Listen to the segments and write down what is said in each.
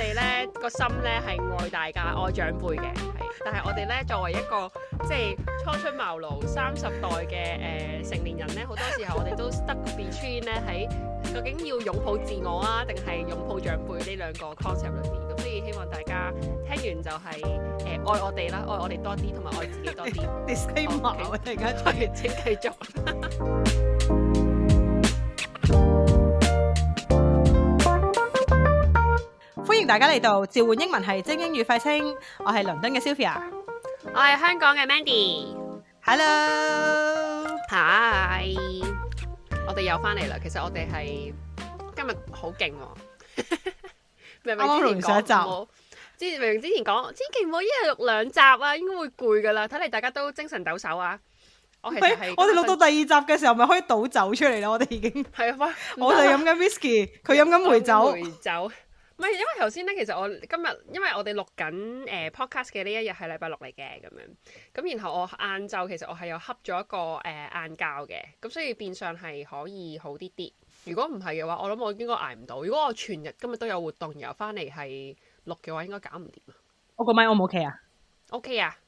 我哋咧個心咧係愛大家、愛長輩嘅，係。但係我哋咧作為一個即係、就是、初出茅廬、三十代嘅誒、呃、成年人咧，好多時候我哋都得失偏咧喺究竟要擁抱自我啊，定係擁抱長輩呢兩個 concept 裏面。咁所以希望大家聽完就係誒愛我哋啦，愛我哋多啲，同埋愛自己多啲。 你死矛啊！突然之間出現， 請繼續。 歡迎大家嚟到召喚英文系精英與廢青。我係倫敦嘅 Sylvia，我係香港嘅 Mandy。Hello，Hi，我哋又翻嚟啦。其實我哋係今日好勁，明明之前講千，明明之前講千祈唔好一日錄兩集啊，應該會攰噶啦，睇嚟大家都精神抖擻啊。我係我哋錄到第二集嘅時候，咪可以倒酒出嚟咯。我哋已經係啊，我哋飲緊 whisky，佢飲緊梅酒。唔係，因為頭先咧，其實我今日因為我哋錄緊誒、呃、podcast 嘅呢一日係禮拜六嚟嘅咁樣，咁然後我晏晝其實我係又恰咗一個誒晏、呃、覺嘅，咁所以變相係可以好啲啲。如果唔係嘅話，我諗我應該捱唔到。如果我全日今日都有活動，然後翻嚟係錄嘅話，應該搞唔掂啊！我個麥 OK 唔 OK 啊？OK 啊，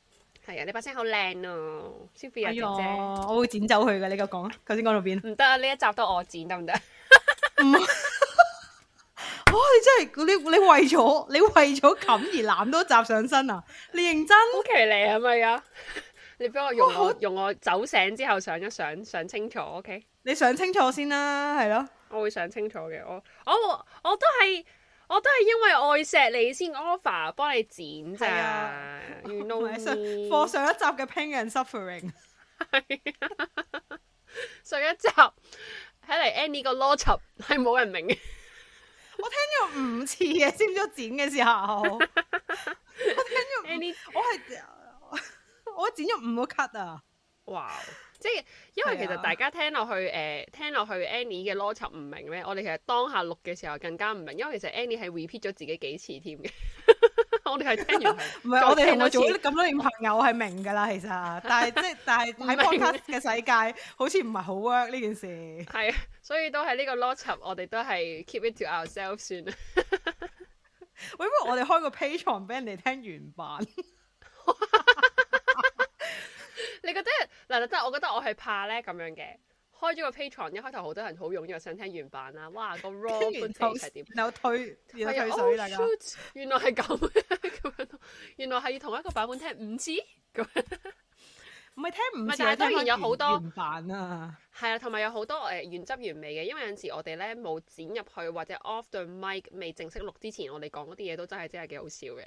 係啊，你把聲好靚啊，啊。Sylvia 姐姐，我會剪走佢嘅。你夠講啊？頭先講到邊？唔得啊！呢一集都我剪得唔得？唔。 哦，你真係，你你為咗你為咗噉而攬多集上身啊！你認真？好奇 你係咪啊？你畀我用我、哦、用我走醒之後想一想想清楚，OK？你想清楚先啦，係咯？我會想清楚嘅，我我我，我都係我都係因為愛錫你先 offer 幫你剪啫，原來 for 上一集嘅 pain and suffering，係、 啊、上一集睇嚟 Annie 個邏輯係冇人明嘅。我聽咗五次嘅，知唔知我剪嘅時候？ 我聽咗 Annie? 我係，我 係我剪咗五個 cut 啊！哇、wow！即係因為其實大家聽落去，誒的、呃、聽落去 Annie 嘅邏輯唔明咧，我哋其實當下錄嘅時候更加唔明，因為其實 Annie 係 repeat 咗自己幾次添嘅。 我哋係聽完，唔係 是我哋同佢做咁多年朋友，係 明噶啦。其實，但係即係，但係喺 podcast 嘅世界， 白 好似唔係好 work 呢件事。係 所以都係呢個 lot 我哋都係 keep it to ourselves 算啦。喂，不如我哋開個 Patreon 俾人哋聽原版。 你覺得嗱嗱，即係我覺得我係怕咧咁樣嘅。開咗個 Patreon 一開頭好多人好踴躍想聽原版啊。哇，個 raw version 係點？然後推然原來係咁咁樣，原來係要同一個版本聽五次咁，唔係聽五次。但係當然有好多原版啊，係啊，同埋有好多誒原汁原味嘅，因為有陣時我哋咧冇剪入去或者 off the mic 未正式錄之前，我哋講嗰啲嘢都真係真係幾好笑嘅。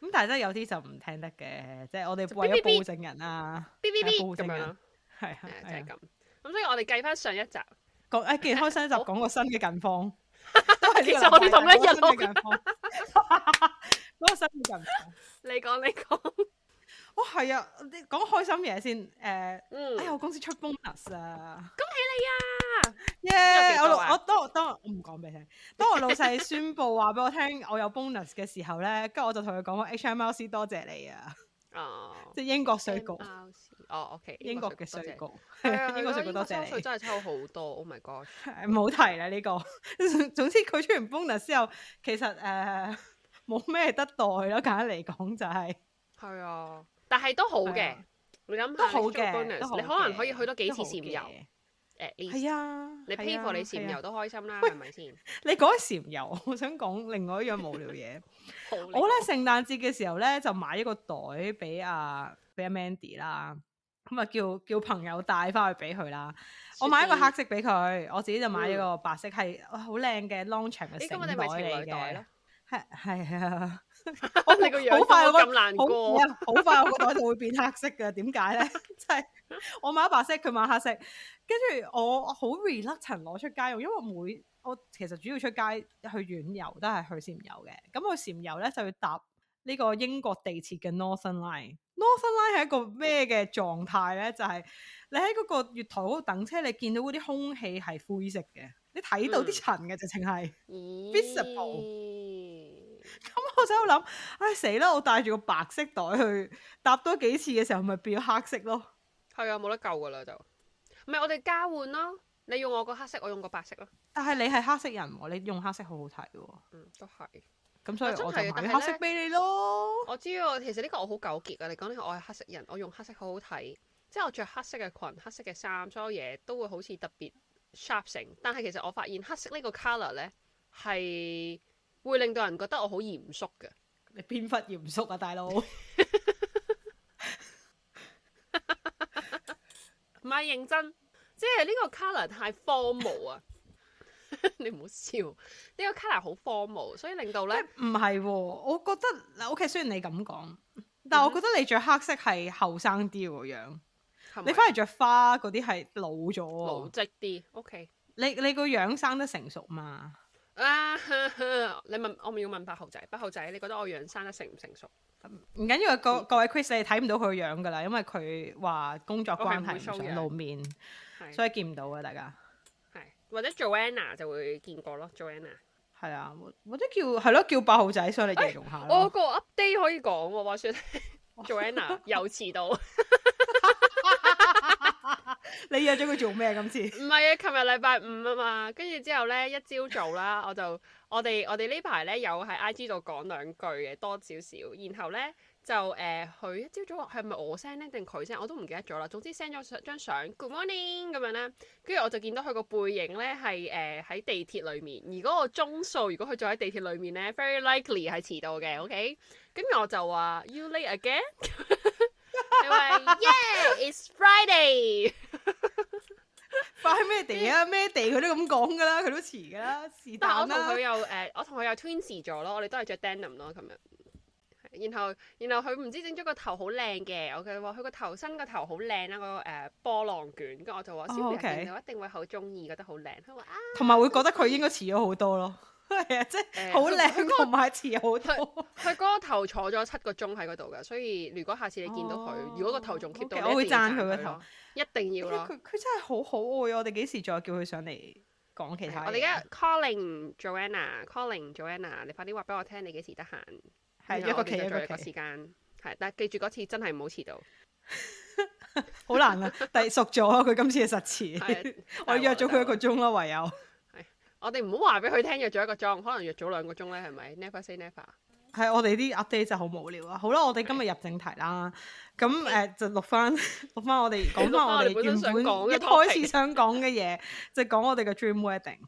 咁但係真係有啲就唔聽得嘅，即係我哋為咗報證人啊，報證人係啊，係啊，就係咁。咁所以我哋計翻上一集講誒、啊，既然開新一集講、啊、個新嘅近況， 其實我哋同一日咯近況，嗰個新嘅近況，你講你講，哇係、哦、啊，講開心嘢先誒，呃嗯、哎呀我公司出 bonus 啊，恭喜你啊，耶 Yeah!、啊！我我當當我唔講俾你聽，當我老細宣布話俾我聽我有 bonus 嘅時候咧，跟住 我就同佢講我 H M L C 多謝你啊。哦，即係英國稅局，c，哦，OK，英國嘅稅局，英國稅局多謝真係抽好多，Oh my God！唔好提啦呢、這個。 總之佢出完 bonus 之後，其實誒冇咩得袋咯，簡單嚟講就係、是。係啊， 但係都好嘅，你諗都好嘅，你可能可以去多幾次線遊。誒呢？係 At 啊，你披 pay 破、啊、你潛遊都開心啦，係咪先？係係，你講起潛遊，我想講另外一樣無聊嘢。 害我咧聖誕節嘅時候咧，就買一個袋俾阿俾、啊、阿 Mandy 啦，咁啊叫叫朋友帶翻去俾佢啦。地我買一個黑色俾佢，我自己就買一個白色，係好靚嘅 long 咁我哋誕袋嚟嘅，係係啊。我你個樣好快咁難過，好快我個袋就會變黑色噶點解咧？即係我買白色，佢買黑色，跟住我好 reluctant 塵攞出街用，因為我每我其實主要出街去遠遊都係去禪游嘅，咁去禪游咧就要搭呢個英國地鐵嘅 Northern Line。Northern Line 係一個咩嘅狀態咧？就係、是、你喺嗰個月台嗰度等車，你見到嗰啲空氣係灰色嘅，你睇到啲塵嘅，直情係、嗯、visible。嗯咁我就喺度諗，唉，死啦！我帶住、哎，個白色袋去搭多幾次嘅時候，咪變咗黑色咯。係啊，冇得救噶啦就。唔係我哋交換咯，你用我個黑色，我用個白色咯。但係你係黑色人喎。哦，你用黑色好好睇喎。嗯，都係。咁所以真我買黑色俾你咯。我知道，其實呢個我好糾結啊。你講呢個，我係黑色人，我用黑色好好睇，即係我着黑色嘅裙、黑色嘅衫，所有嘢都會好似特別 sharp 醒。但係其實我發現黑色，個色呢個 color 咧係。會令到人覺得我好嚴肅嘅，你邊忽嚴肅啊，大佬？唔係 認真，即係呢個 color 太荒謬啊！ 你唔好笑，呢、呢個 color 好荒謬，所以令到咧唔係，我覺得 OK。雖然你咁講，但係我覺得你着黑色係後生啲嘅樣，你翻嚟着花嗰啲係老咗，老積啲。OK，你你個樣生得成熟嘛？啊，啊！你問我咪要問八號仔，八號仔你覺得我樣生得成唔成熟？唔緊要，各各位 Chris 你睇唔到佢樣噶啦，因為佢話工作關係露面，露面所以見唔到啊，大家係或者 Joanna 就會見過咯，Joanna 係啊，或者叫係咯叫八號仔上嚟形容下，欸、我個 update 可以講，話說 Joanna 又遲遲到。 你約咗佢做咩今次？唔係 啊，琴日禮拜五啊嘛，跟住之後呢，一朝早啦， 我就我哋我哋呢排呢，有喺 IG 度講兩句嘅多少少，然後呢，就誒佢、呃、一朝早係咪我 send 呢定佢 send？我都唔記得咗啦。總之 send 咗張相，Good morning 咁樣呢，跟住我就見到佢個背影呢係誒喺地鐵裡面，而嗰個鐘數如果佢坐喺地鐵裡面呢 very likely 係遲到嘅。OK，跟住我就話 you late again。 佢話 ，Yeah，it's Friday。快 咩 地啊？咩地？佢都咁講噶啦，佢都遲噶啦。但係我同佢又誒，我同佢又 twins 咗咯，我哋都係着 denim 咯咁樣。然後然後佢唔知整咗個頭好靚嘅，我佢話佢個頭身個頭好靚啦，嗰個誒波浪捲。跟住我就話，小 B 見一定會好中意，覺得好靚。佢話啊，同埋會覺得佢應該遲咗好多咯。係啊，即係好靚。我下次遲好多，佢嗰個頭坐咗七個鐘喺嗰度噶，所以如果下次你見到佢，如果個頭仲 keep 到，我會讚佢個頭，一定要咯。佢佢真係好好愛，我哋幾時再叫佢上嚟講其他？我哋而家 calling Joanna，calling Joanna，你快啲話俾我聽，你幾時得閒？係一個期一個期。係，但係記住嗰次真係唔好遲到，好難啊！第熟咗，佢今次係實遲，我約咗佢一個鐘咯，唯有。我哋唔好話俾佢聽約咗一個鐘、e，可能約早兩個鐘咧，係咪？Never say never、like。係， 我哋啲 update 就好無聊啊。好啦，我哋今日入正題啦。咁誒就錄翻錄翻，我哋講翻我哋原本一開始想講嘅嘢，即係講我哋嘅 dream wedding。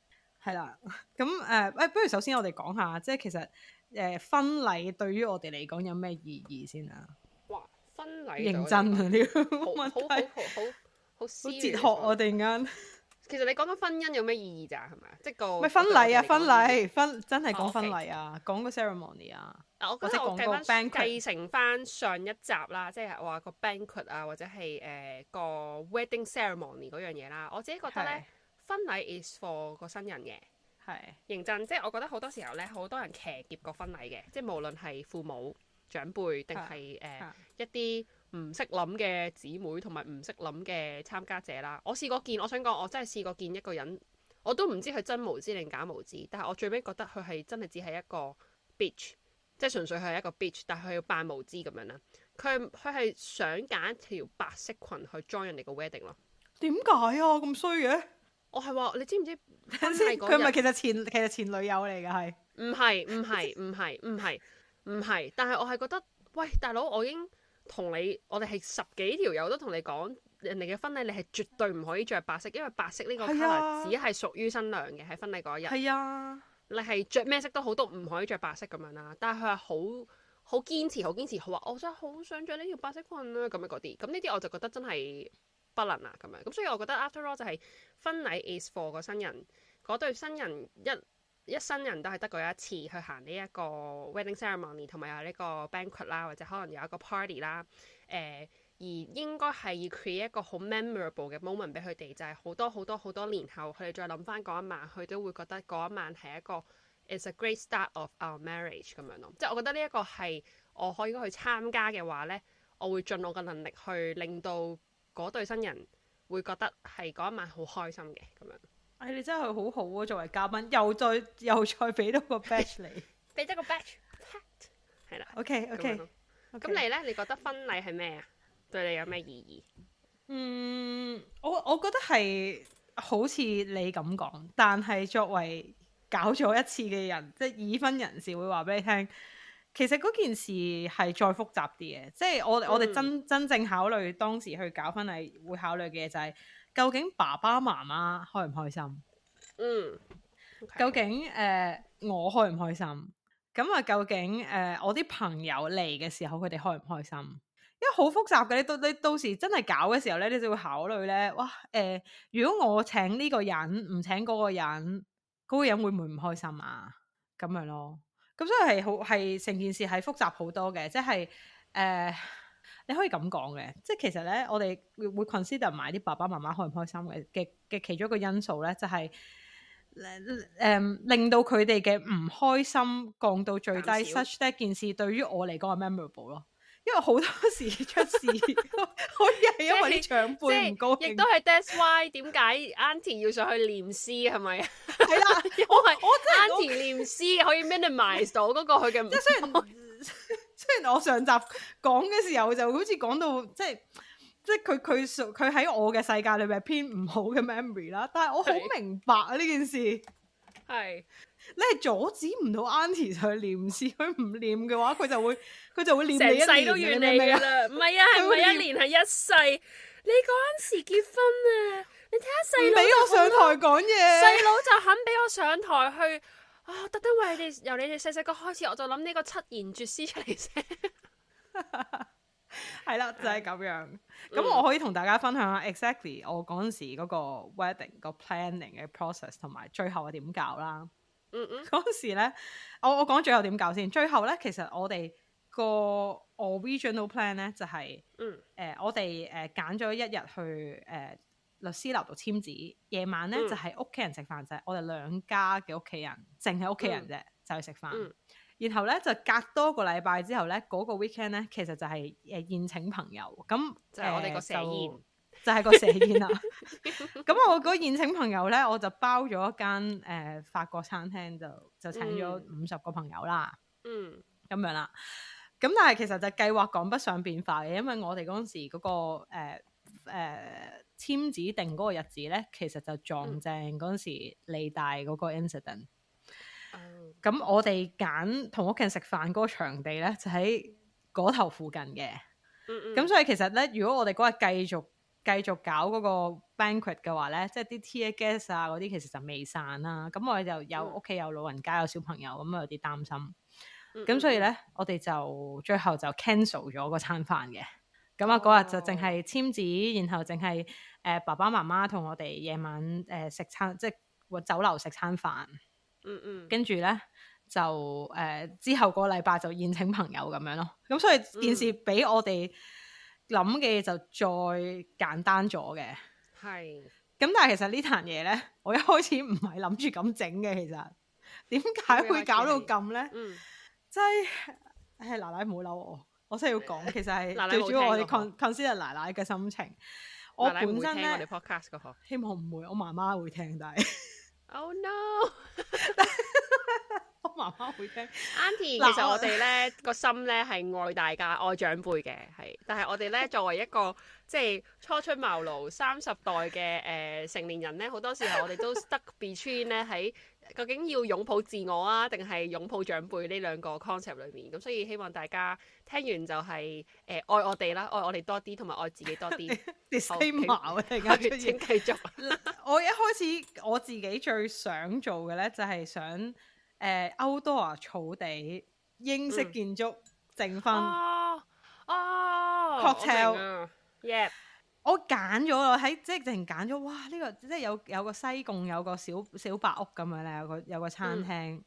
係啦。咁誒，不如首先我哋講下，即係其實誒婚禮對於我哋嚟講有咩意義先啊？哇！婚禮。認真啊呢個問題。好好好，好哲學啊！突然間。其實你講到婚姻有咩意義咋、啊？係咪？即個咩婚禮啊？婚禮婚真係講婚禮啊，哦 okay. 講個 ceremony 啊。嗱、啊，我覺得，得我訂翻個繼承翻上，上一集啦，即係話個 banquet 啊，或者係誒、呃、個 wedding ceremony 嗰樣嘢啦。我自己覺得咧，的婚禮係 for 個新人嘅，係的認真。即、就、係、是、我覺得好多時候咧，好多人騎劫個婚禮嘅，即係無論係父母長輩定係誒一啲。的唔識諗嘅姊妹同埋唔識諗嘅參加者啦。我試過見，我想講，我真係試過見一個人，我都唔知佢真無知定假無知。但係我最尾覺得佢係真係只係一個 bitch，即係純粹係一個 bitch，但係佢要扮無知咁樣啦。佢佢係想揀一條白色裙去 join 人哋個 wedding 咯。點解啊？咁衰嘅？我係話你知唔知先？佢唔係其實前其實前女友嚟嘅，係唔係？唔係唔係唔係唔係唔係， 但係我係覺得喂大佬，我已經。同你，我哋係十幾條友都同你講，人哋嘅婚禮你係絕對唔可以着白色，因為白色呢個 color 只係屬於新娘嘅，喺婚禮嗰日。係啊，你係着咩色都好，都唔可以着白色咁樣啦。但係佢係好好堅持，好堅持，佢話我真係好想着呢條白色裙啊咁嗰啲。咁呢啲我就覺得真係不能啦咁樣。咁所以我覺得 after all 就係婚禮 is for 個新人，嗰對新人一。一生人都係得嗰一次去行呢一個 wedding ceremony 同埋有呢個 banquet 啦，或者可能有一個 party 啦。誒、呃，而應該係要 create 一個好 memorable 嘅 moment 俾佢哋，就係、是、好多好多好多年後，佢哋再諗翻嗰一晚，佢都會覺得嗰一晚係一個 it's a great start of our marriage 咁樣咯。即係我覺得呢一個係我可以去參加嘅話呢，我會盡我嘅能力去令到嗰對新人會覺得係嗰一晚好開心嘅咁樣。哎、你真係好好啊！作為嘉賓，又再又再俾多個 batch 你 batch, 了，俾多個 batch，係啦。OK，OK，咁你呢？你覺得婚禮係咩啊？對你有咩意義？嗯，我我覺得係好似你咁講，但係作為搞咗一次嘅人，即係已婚人士會話俾你聽，其實嗰件事係再複雜啲嘅。即係我、嗯、我哋真真正考慮當時去搞婚禮，會考慮嘅就係。究竟爸爸媽媽開唔開心？嗯，究竟誒 Okay.、呃、我開唔開心？咁啊，究竟誒、呃、我啲朋友嚟嘅時候，佢哋開唔開心？因為好複雜嘅，你到你到時真係搞嘅時候咧，你就會考慮咧，哇誒、呃！如果我請呢個人，唔請嗰個人，嗰、那個人嗰個人會唔會唔開心啊？咁樣咯，咁所以係好係成件事係複雜好多嘅，即係誒。呃你可以咁講嘅，即係其實咧，我哋會 consider 埋啲爸爸媽媽開唔開心嘅嘅嘅其中一個因素咧，就係、是、誒、嗯、令到佢哋嘅唔開心降到最低。Such that 件事對於我嚟講係 memorable 咯，因為好多時出事可以係因為啲長輩唔高興，亦都係 That's why 點解 Auntie 要上去念詩係咪？係啦， 因為 我係我真係 Auntie 念詩可以 minimise 到嗰個佢嘅唔開心。嗯雖然我上集講嘅時候就好似講到即係即係佢佢佢喺我嘅世界裏邊偏唔好嘅 memory 啦，但係我好明白啊呢件事。係是你係阻止唔到 auntie 去念，試佢唔念嘅話，佢就會佢就會念你一世都完你噶啦。唔係 啊，係咪一年係念一世？你嗰陣時結婚啊，你睇下細佬都肯俾我上台講嘢，細佬 就肯俾我上台去。啊、哦！特登為你哋由你哋細細個開始，我就諗呢個七言絕詩出嚟寫。係 啦， 就係、是、咁樣。咁、嗯、我可以同大家分享下，exactly 我嗰陣時嗰個 wedding 個 planning 嘅 process 同埋最後係點搞啦。嗯嗯。嗰陣 時咧，我我講最後點搞先。最後咧，其實我哋個 original plan 咧就係、是，嗯，誒、呃，我哋誒揀咗一日去誒。呃律師樓度簽字，夜晚咧、嗯、就係屋企人食飯啫，就是、我哋兩家嘅屋企人，淨係屋企人啫，嗯、就去食飯。然後咧就隔多個禮拜之後咧，嗰、那個 weekend 咧，其實就係誒宴請朋友。咁就係我哋個蛇宴，就係、就是、個蛇宴啦。咁 我嗰宴請朋友咧，我就包咗一間誒、呃、法國餐廳，就就請咗五十個朋友啦。嗯，咁樣啦。咁但係其實就計劃趕不上變化嘅，因為我哋嗰陣時嗰、那個誒。呃呃簽紙定嗰個日子咧，其實就撞正嗰陣時理大嗰個 incident。咁、嗯、我哋揀同屋企人食飯嗰個場地咧，就喺嗰頭附近嘅。咁、嗯嗯、所以其實咧，如果我哋嗰日繼續繼續搞嗰個 banquet 嘅話咧，即係啲 tea guests 啊嗰啲其實就未散啦。咁我哋就有屋企、嗯、有老人家有小朋友，咁啊有啲擔心。咁、嗯嗯嗯、所以咧，我哋就最後就 cancel 咗嗰餐飯嘅。咁啊嗰日就淨係簽字，然後淨係誒爸爸媽媽同我哋夜晚誒食、呃、餐，即係酒樓食餐飯。嗯嗯，跟住咧就誒、呃、之後個禮拜就宴請朋友咁樣咯。咁所以件事俾我哋諗嘅就再簡單咗嘅。係、嗯。咁但係其實呢壇嘢咧，我一開始唔係諗住咁整嘅，其實點解會搞到咁咧？嗯，即係奶奶唔好嬲我。我真係要講，其實係最主要我哋 concern 奶奶嘅心情。奶奶會聽我哋 podcast 嗰個？我本身咧，希望唔會，我媽媽會聽，但係，Oh no！ 我媽媽會聽。Auntie，其實我哋咧 個心咧係愛大家、愛長輩嘅，係。但係我哋咧作為一個即係、就是、初出茅廬、三十代嘅誒成年人咧，好多時候我哋都 stuck between 咧喺。究竟要擁抱自我啊，定係擁抱長輩呢兩個 concept 裏面咁，所以希望大家聽完就係、是、誒、呃、愛我哋啦，愛我哋多啲，同埋愛自己多啲。disclaimer，請繼續。我一開始我自己最想做嘅呢，就係、是、想誒歐多亞草地英式建築證、嗯、婚啊，cocktail。啊 yeah。我揀咗咯，喺即係突然揀咗，哇！呢、這個即係有有個西貢有個小小白屋咁樣咧，有個有個餐廳，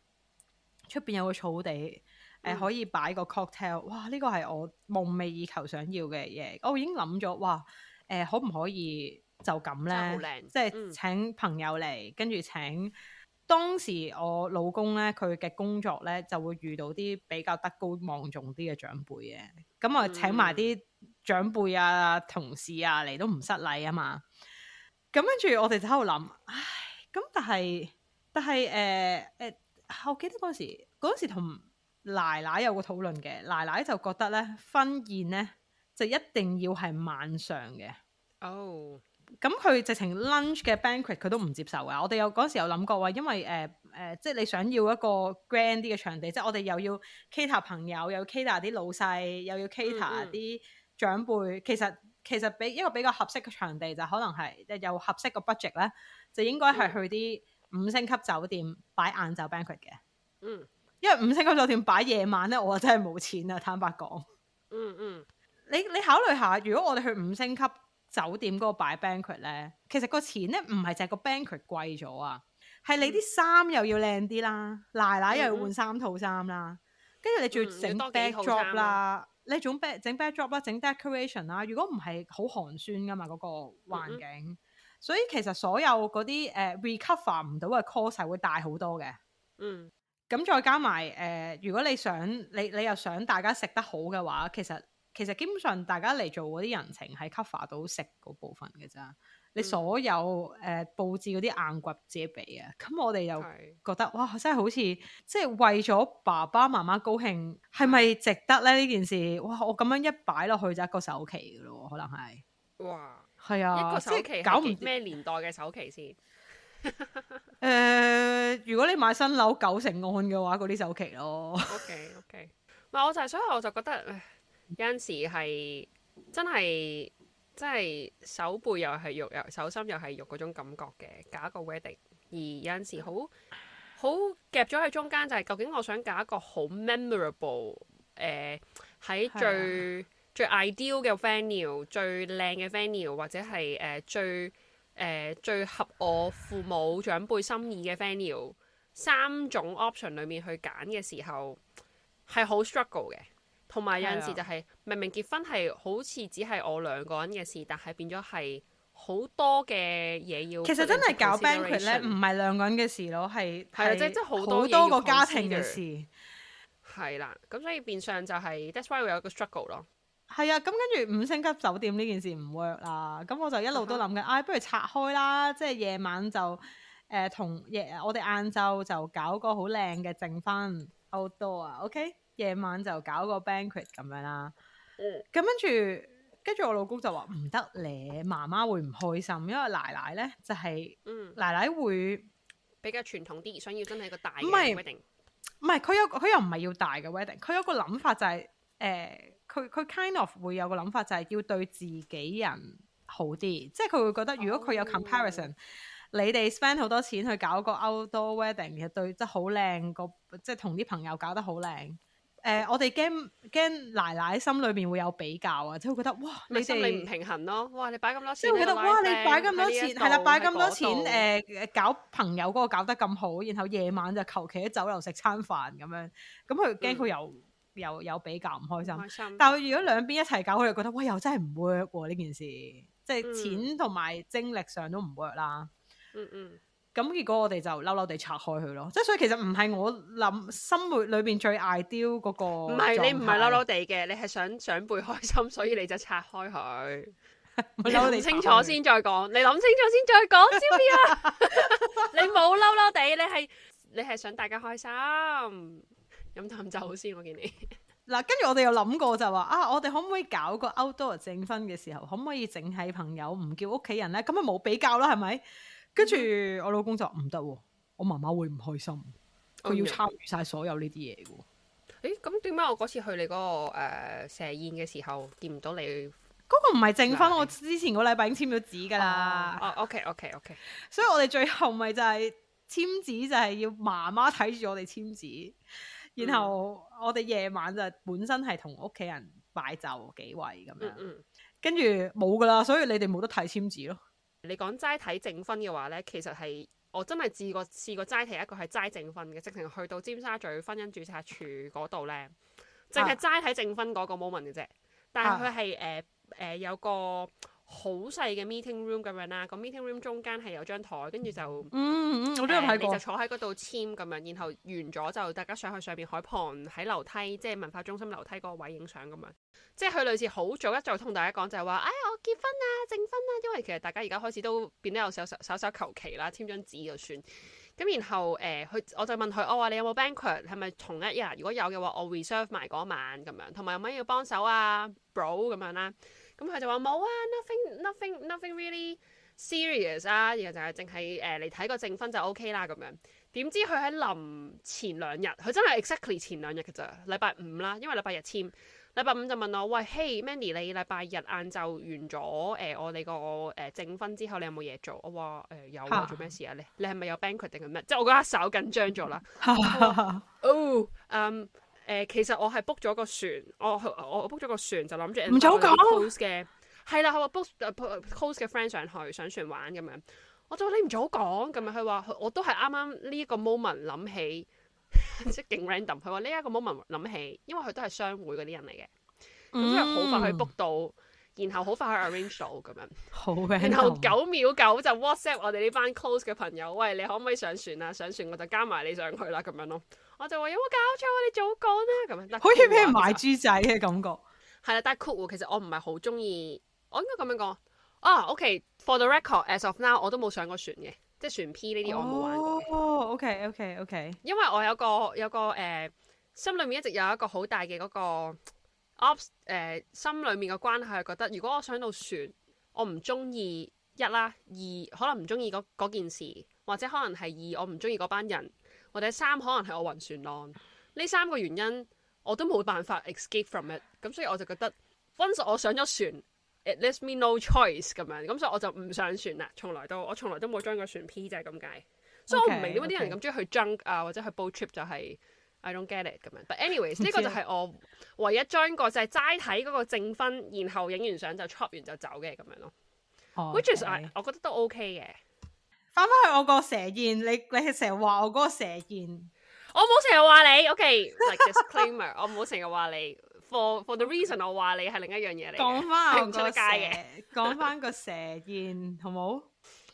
出邊、嗯、有個草地，誒、呃、可以擺個 cocktail，哇！呢個係我夢寐以求想要嘅嘢，我已經諗咗，哇！誒、呃、可唔可以就咁咧？真係好靚，即係請朋友嚟，嗯、跟住請當時我老公咧，佢嘅工作咧就會遇到啲比較德高望重啲嘅長輩嘅，咁我請埋啲。嗯長輩啊、同事啊嚟都唔失禮啊嘛，咁跟住我哋就喺度諗，唉，咁但係但係誒誒，我記得嗰時嗰時同奶奶有個討論嘅，奶奶就覺得咧婚宴咧就一定要係晚上嘅，哦，咁佢直情 lunch 嘅 banquet 佢都唔接受呀，我哋有嗰時有諗過話，因為誒誒、呃呃，即係你想要一個 grand 啲嘅場地，即係我哋又要 cater 朋友，又要 cater 啲老細，又要 cater 啲。長輩其實其實比一個比較合適嘅場地就可能係有合適個 budget 咧，就應該係去啲五星級酒店擺晏晝 banquet 嘅。嗯，因為五星級酒店擺夜晚咧，我真係冇錢啊！坦白講、嗯。嗯嗯，你你考慮下，如果我哋去五星級酒店嗰個擺 banquet 咧，其實個錢咧唔係淨係個 banquet 貴咗啊，係、嗯、你啲衫又要靚啲啦，奶奶又要換三套衫啦，跟住、嗯嗯、你仲要整 backdrop 啦。呢種整 backdrop 啦，整 decoration 啦，如果唔係好寒酸㗎嘛嗰、那個環境，mm hmm. 所以其實所有嗰啲誒 recover 唔到嘅 cost 係會大好多嘅。嗯、mm，咁、hmm. 再加埋誒、呃，如果你想你你又想大家食得好嘅話，其實其實基本上大家嚟做嗰啲人情係 cover 到食嗰部分嘅咋。你所有誒佈、嗯呃、置嗰啲硬骨自己俾啊，咁我哋又覺得是哇，真係好似即係為咗爸爸媽媽高興，係咪值得咧呢件事？是哇！我咁樣一擺落去就一個首期噶咯，可能係哇，係啊，一個首期搞唔咩年代嘅首期先誒？如果你買新樓九成按嘅話，嗰啲首期咯。OK OK，唔，我就係所以我就覺得有陣時係真係。即係手背又係肉，又手心又係肉嗰種感覺嘅，搞一個 wedding。而有陣時好好夾咗喺中間就係、是、究竟我想搞一個好 memorable，誒喺最 最 ideal 嘅 venue、最靚嘅 venue 或者係誒、呃、最誒、呃、最合我父母長輩心意嘅 venue，三種 option 裏面去揀嘅時候係好 struggle 嘅。同埋有陣時就係明明結婚係好似只係我兩個人嘅事，但係變咗係好多嘅嘢要。其實真係搞 bridal 咧，唔係兩個人嘅事咯，係係即係即係好多個家庭嘅事。係啦，咁所以變相就係、是、that's why 會有個 struggle 咯。係啊，咁跟住五星級酒店呢件事唔 work 啦，咁我就一路都諗緊，唉、uh huh. 哎，不如拆開啦，即係夜晚就誒、呃、同夜，我哋晏晝就搞個好靚嘅證婚好多啊，OK？夜晚就搞個 banquet 咁樣啦，咁、嗯、跟住跟住我老公就話唔得咧，媽媽會唔開心，因為奶奶咧就係奶奶會比較傳統啲，而想要真係一個大嘅 w 唔係佢有佢又唔係要大嘅 wedding，佢有個諗法就係、是、誒，佢、呃、佢 kind of 會有個諗法就係要對自己人好啲，即係佢會覺得如果佢有 comparison、哦、你哋 spend 好多錢去搞個 outdoor wedding，其實對即係好靚個，即係同啲朋友搞得好靚。誒、呃，我哋驚驚奶奶心裏邊會有比較啊，即係會覺得哇，你心理唔平衡咯，哇你擺咁多錢，即係會覺得哇你擺咁多錢，係啦，擺咁多錢誒、呃、搞朋友嗰個搞得咁好，然後夜晚就求其喺酒樓食餐飯咁樣，咁佢驚佢又又有比較唔開心。開心但係如果兩邊一齊搞，佢就覺得哇又真係唔 work 喎呢件事，即、就、係、是、錢同埋精力上都唔 work 啦。嗯嗯。嗯。咁結果我哋就嬲嬲地拆開佢咯，即係所以其實唔係我諗生活裏邊最 ideal 嗰個。唔係你唔係嬲嬲地嘅，你係想長輩開心，所以你就拆開佢。 你諗清楚先再講，你諗清楚先再講知唔知啊！你冇嬲嬲地，你係你係想大家開心，飲啖酒先。我見你嗱，跟住我哋又諗過就話啊，我哋可唔可以搞個 outdoor 證婚嘅時候，可唔可以淨係朋友唔叫屋企人咧？咁咪冇比較啦，係咪？跟住我老公就唔得，我媽媽會唔開心，佢要參與晒所有呢啲嘢嘅。誒，咁點解我嗰次去你嗰，那個誒、呃、蛇宴嘅時候見唔到你？嗰個唔係證婚，啊、我之前個禮拜已經簽咗紙噶啦。哦，OK，OK，OK、啊。啊、okay, okay, okay. 所以我哋最後咪就係簽紙，就係、是、要媽媽睇住我哋簽字，然後我哋夜晚就本身係同屋企人擺酒幾位咁樣，跟住冇噶啦，所以你哋冇得睇簽字咯。你講齋睇證婚嘅話咧，其實係我真係試過試過齋睇一個係齋證婚嘅，直情去到尖沙咀婚姻註冊處嗰度咧，淨係、啊、齋睇證婚嗰個 moment 嘅啫。但係佢係誒誒有個。好細嘅 meeting room 咁樣啦，個 meeting room 中間係有張台，跟住就嗯我都有睇過。就坐喺嗰度簽咁樣，然後完咗就大家上去上邊海旁喺樓梯，即係文化中心樓梯嗰個位影相咁樣。即係佢類似好早一早同大家講就係話，哎，我結婚啊，證婚啊，因為其實大家而家開始都變得有少少少求其啦，簽張紙就算。咁然後誒，佢，呃，我就問佢，我，哦，話你有冇 banquet？係咪同一日？如果有嘅話，我 reserve 埋嗰晚咁樣。同埋有乜要幫手啊，bro 咁樣啦。咁佢、嗯、就話冇啊，nothing，nothing，nothing nothing, nothing really serious 啊，然後就係淨係誒嚟睇個證婚就 O、OK、K 啦咁樣。點知佢喺臨前兩日，佢真係 exactly 前兩日嘅咋，禮拜五啦，因為禮拜日簽。禮拜五就問我，喂，Hey，Mandy，你禮拜日晏晝完咗誒、呃、我哋個誒證婚之後，你有冇嘢做？我話誒、呃、有、啊，做咩事啊？ 你你係咪有 banquet 定係咩？即係我嗰刻稍緊張咗啦。 o、oh, um, 誒、呃，其實我係 book 咗個船，我我 book 咗個船就諗住唔早講嘅，係啦，佢話 book close 嘅 friend 上去上船玩咁樣，我就話你唔早講，咁樣佢話我都係啱啱呢個 moment 諗起，即係勁 random。佢話呢一個 moment 諗起，因為佢都係商會嗰啲人嚟嘅，咁所以好快去 book 到，然後好快去 arrange 到咁樣，好，然後九秒九就 WhatsApp 我哋呢班 close 嘅朋友，喂，你可唔可以上船啊？上船我就加埋你上去啦，咁樣咯。我就話有冇搞錯啊！你早講啦、啊，咁樣好似俾人賣豬仔嘅感覺。係啦，但係 cool 其實我唔係好中意，我應該咁樣講啊。o、oh, k、okay, for the record as of now，我都冇上過船嘅，即係船 P 呢啲我冇玩過。o k o k o k 因為我有個有個誒、呃、心裏面一直有一個好大嘅嗰、那個 o 誒、呃、心裏面嘅關係，覺得如果我上到船，我唔中意一啦，二可能唔中意嗰件事，或者可能係二我唔中意嗰班人。我第三可能係我暈船浪，呢三個原因我都冇辦法 escape from it，咁、嗯、所以我就覺得 once 我上咗船，it leaves me no choice 咁、嗯、樣，咁、嗯、所以我就唔上船啦，從來都我從來都冇 join 過船 P 就係咁解，所以，okay，所以我唔明點解啲人咁中意去 junk 啊或者去 boat trip 就係、是、I don't get it 咁、嗯、樣，but anyways 呢個就係我唯一 join 過就係齋睇嗰個證婚，然後影完相就 crop 完就走嘅咁樣咯，which is I 我覺得都 OK 嘅。翻翻去我個蛇宴，你你係成日話我嗰個蛇宴，我冇成日話你。OK，like、okay. disclaimer， 我冇成日話你。For for the reason，我話你係另一樣嘢嚟。講翻我個蛇。講翻 個蛇宴，好冇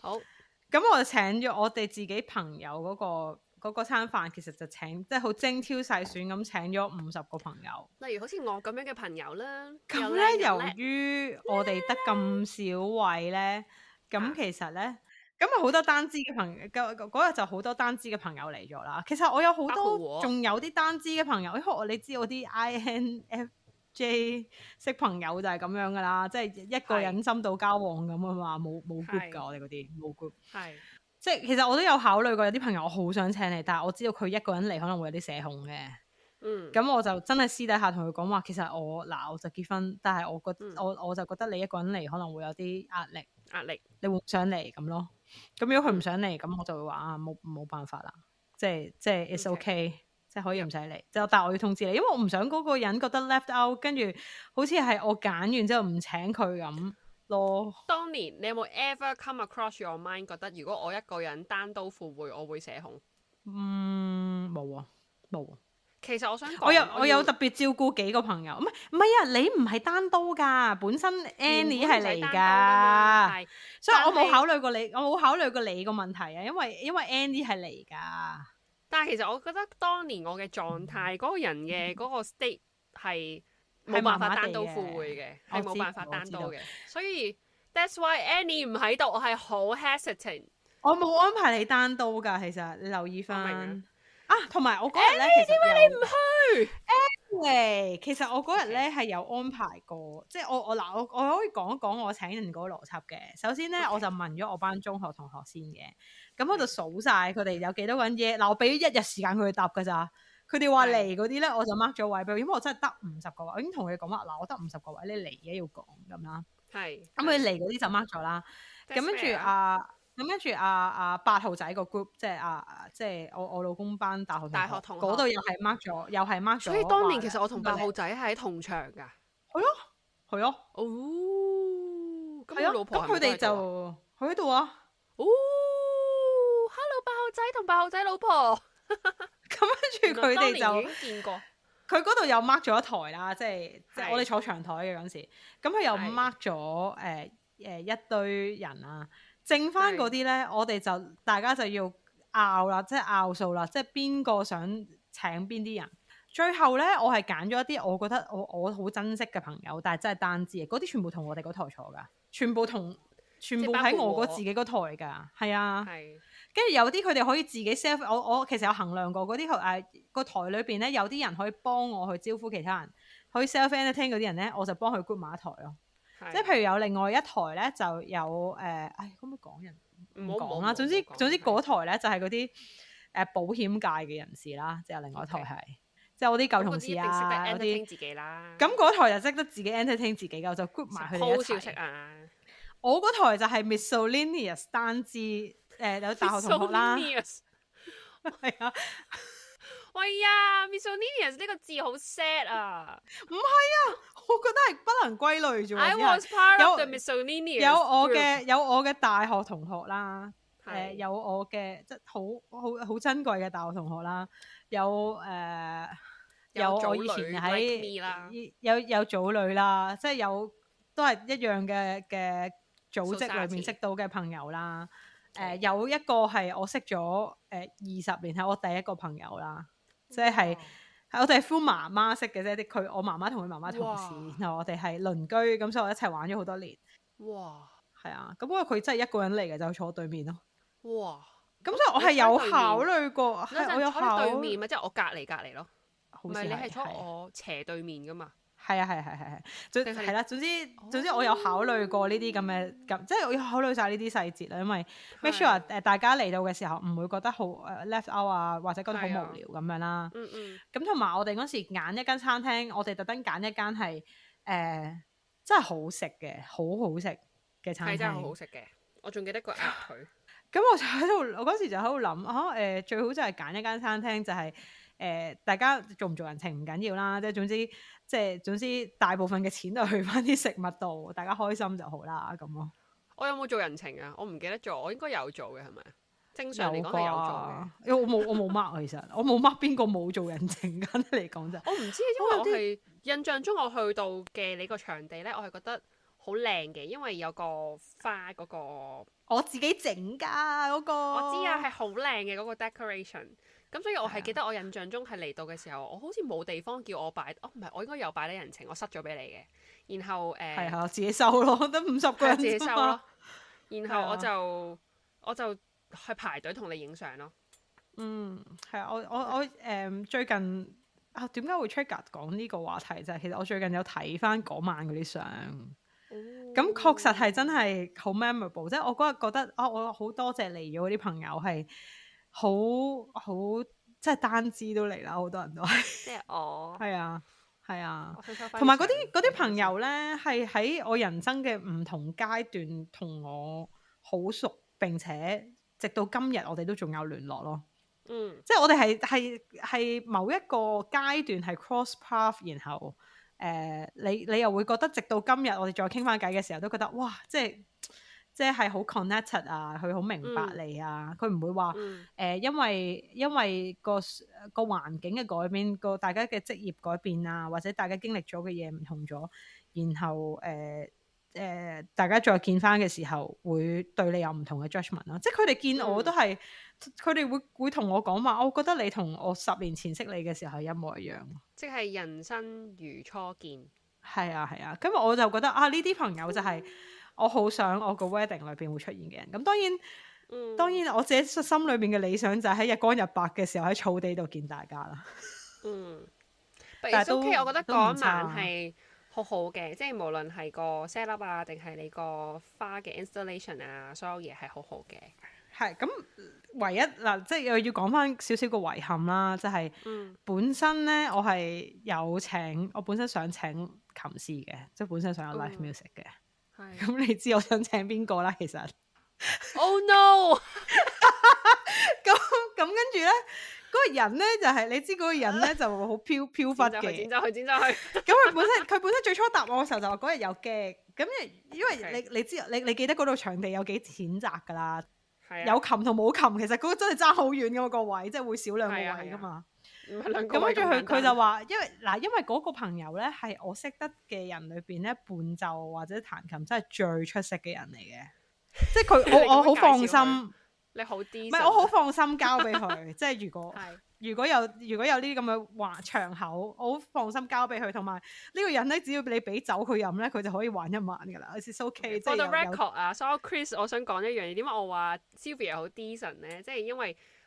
好？咁好我就請咗我哋自己朋友嗰、嗰個、嗰個餐飯，其實就請即係好精挑細選咁請咗五十個朋友。例如好似我咁樣嘅朋友啦。咁咧，由於我哋得咁少位咧，咁 Yeah. 其實咧。咁咪好多單支嘅朋友，嗰日就好多單支嘅朋友嚟咗啦。其實我有好多，仲有啲單支嘅朋友。因為我你知道我啲 I N F J 識朋友就係咁樣噶啦，即係一個人深度交往咁啊嘛，冇冇 group 噶，我哋嗰啲冇 group 係即係其實我都有考慮過，有啲朋友我好想請你，但係我知道佢一個人嚟可能會有啲社恐嘅。嗯，咁我就真係私底下同佢講話，其實我嗱我就結婚，但係我覺、嗯、我我就覺得你一個人嚟可能會有啲壓力，壓力你會唔想嚟咁咯。咁如果佢唔想嚟，咁我就會話啊，冇冇辦法啦，即係即係 it's ok，Okay. 即係可以唔使嚟。就但我要通知你，因為我唔想嗰個人覺得 left out，跟住好似係我揀完之後唔請佢咁咯。當年你有冇 ever come across your mind 覺得如果我一個人單刀赴會，我會社恐？嗯，冇啊，冇。其實我想我，我有我有特別照顧幾個朋友，唔係唔係啊，你唔係單刀噶，本身 Annie 係嚟噶，所以我冇考慮過你，我冇考慮過你個問題啊，因為因為 Annie 係嚟噶。但係其實我覺得當年我嘅狀態，嗰、那個人嘅嗰個 state 係冇辦法單刀赴會嘅，係冇辦法單刀嘅。所以 That's why Annie 唔喺度，我係好 hesitant，我冇安排你單刀噶。其實你留意翻。啊，同埋我嗰日咧，其實你唔去？Emily，其實我嗰日咧係有安排過，即係我我嗱我我可以講一講我請人嗰個邏輯嘅。首先咧，Okay. 我就問咗我班中學同學先嘅，咁我就數晒佢哋有幾多個人嘢。嗱，我俾一日時間佢去答嘅咋。佢哋話嚟嗰啲咧，我就 mark 咗位俾佢，因為我真係得五十個位。我已經同佢講話，嗱、啊，我得五十個位，你嚟而家要講咁啦，係，咁佢嚟嗰啲就 mark 咗啦。咁跟住啊。啊咁跟住阿阿八號仔個 group，即係阿即係我我老公班大學大學同學嗰度又係 mark 咗，又係 mark 咗。所以當年其實我同八號仔係喺同場噶。係咯，係咯。哦，咁佢老婆。咁佢哋就佢喺度啊。哦，Hello 八號仔同八號仔老婆。咁跟住佢哋就。當年已經見過。佢嗰度又 mark 咗一台啦，即係我哋坐長台嘅嗰陣時，咁佢又 mark 咗誒誒一堆人啊。剩翻嗰啲呢，對我哋就大家就要拗啦，即係拗數啦，即係邊個想請邊啲人。最後呢，我係揀咗一啲我覺得我我好珍惜嘅朋友，但係真係單資單止嗰啲全部同我哋嗰台坐噶，全部同全部喺我嗰自己嗰台噶。係啊，係是。跟住有啲佢哋可以自己 self，我我其實有衡量過嗰啲誒個台裏邊呢，有啲人可以幫我去招呼其他人，去 self entertain 嗰啲人呢，我就幫佢 group 埋一台咯。即係譬如有另外一台咧，就有誒，唉、哎，可唔可以講人？唔好講啦，說總之說總之嗰台咧就係嗰啲誒保險界嘅人士啦，即、就、係、是、另外一台係，Okay. 即係我啲舊同事啊，嗰啲 entertain 自己啦。咁嗰台就識得自己 entertain 自己嘅，我就 group 埋佢哋一齊。好消息啊！我嗰台就係 miscellaneous 單字、呃、誒有大學同學啦。係啊，喂啊，miscellaneous 呢個字好 sad 啊！唔係 啊。我覺得係不能歸類咗，有我嘅有我嘅大學同學啦，誒的、呃、有我嘅即係好好好珍貴嘅大學同學啦，有誒、呃、有我以前喺有組、like、啦有組女啦，即係有都係一樣嘅嘅組織裏面識到嘅朋友啦，誒 So,、嗯、有一個係我識咗誒二十年係我第一個朋友啦，即係。嗯係我哋係 full 媽媽式嘅啫，啲佢我媽媽同佢媽媽同事，然後哇我哋係鄰居，咁所以我一齊玩咗好多年。哇！係啊，咁不過佢真係一個人嚟嘅，就坐我對面咯。哇！咁所以我係有考慮過，我有考慮對面嘛，即係我隔離隔離咯。唔係你係坐我斜對面㗎嘛？係啊，係係係係，總係啦。總之總之，我有考慮過呢啲咁嘅咁，的即係我要考慮晒呢啲細節啦，因為 make sure 誒大家嚟到嘅時候唔會覺得好 left out 啊，或者覺得好無聊咁樣啦。嗯咁同埋我哋嗰時揀一間餐廳，我哋特登揀一間係誒、呃、真係好食嘅，好好食嘅餐廳真係好好食嘅。我仲記得個鴨腿 啊。咁我就喺度，我嗰時就喺度諗啊誒、呃，最好就係揀一間餐廳，就係、是、誒、呃、大家做唔做人情唔緊要啦，即係總之。即係，總之大部分嘅錢都係去翻啲食物度，大家開心就好啦咁咯。我有冇做人情啊？我唔記得做，我應該有做嘅係咪？正常嚟講係有做嘅。因為我冇我冇 mark，其實我冇 mark 邊個冇做人情。咁你講就我唔知，因為我係印象中我去到嘅你個場地咧，我係覺得好靚嘅，因為有個花嗰個我自己整噶嗰個，我知啊，係好靚嘅嗰個 decoration。咁所以我係記得我印象中係嚟到嘅時候，啊、我好似冇地方叫我擺，哦唔係，我應該有擺啲人情，我塞咗俾你嘅。然後誒，係、呃、啊、啊，自己收咯，得五十個人自己收咯。然後我就、啊、我就去排隊同你影相咯。嗯，係啊，我我我誒最近啊，點解會 trigger 講呢個話題啫？其實我最近有睇翻嗰晚嗰啲相，咁、嗯、確實係真係好 memorable，即係我嗰日覺得啊，我好多謝嚟咗嗰啲朋友係。好好即係單支都嚟啦，好多人都係即係我係啊係啊，同埋嗰啲啲朋友咧，係喺我人生嘅唔同階段同我好熟，並且直到今日我哋都仲有聯絡咯。嗯，即，即係我哋係係係某一個階段係 cross path，然後誒、呃、你你又會覺得直到今日我哋再傾翻偈嘅時候都覺得哇，即係。即係好 connected 啊，佢好明白你啊，佢唔、嗯、會話誒、嗯呃，因為因為個個環境嘅改變，個大家嘅職業改變啊，或者大家經歷咗嘅嘢唔同咗，然後誒誒、呃呃，大家再見翻嘅時候，會對你有唔同嘅 judgment 啦。即係佢哋見我都係，佢哋、嗯、會會同我講話，我覺得你同我十年前識你嘅時候一模一樣，即係人生如初見。係啊係啊，咁、啊啊、我就覺得啊，呢啲朋友就係、是。 我好想我個 wedding 裏邊會出現嘅人咁，當然、嗯、當然我自己心裏邊嘅理想就喺日光日白嘅時候喺草地度見大家啦、嗯。嗯，but also ok，我覺得嗰晚係好好嘅，即係無論係個 set up 啊，定係你個花嘅 installation 啊，所有嘢係好好嘅。係咁、嗯，唯一嗱、呃，即係又要講翻少少個遺憾啦，即係本身咧，嗯、我係有請我本身想請琴師嘅，即係本身想有 live music 嘅。嗯。咁你知我想請邊個啦？其實 ，Oh no！咁咁跟住咧，嗰個人咧就係你知嗰個人咧就好飄飄忽嘅，去剪就去剪就去。咁佢 本身佢本身最初答我嘅時候就話嗰日有驚。咁因為因為你 Okay. 你，你知你你記得嗰度場地有幾淺窄㗎啦，Yeah. 有琴同冇琴，其實嗰真係爭好遠㗎嘛個位，即係會少兩個位㗎嘛。Yeah. Yeah. 咁跟住佢佢就話，因為嗱，因為嗰個朋友咧係我識得嘅人裏邊咧，伴奏或者彈琴真係最出色嘅人嚟嘅，即係佢我我好放心，你好啲，唔係我好放心交俾佢，即係如果如果有如果有啲咁嘅話場口，我好放心交俾佢，同埋呢個人咧，只要你俾酒佢飲咧，佢就可以玩一晚噶啦，係 so，okay。講到 record 啊，所以 Chris，我想講一樣嘢，點解我話 Sylvia 好 decent 咧？即係因為。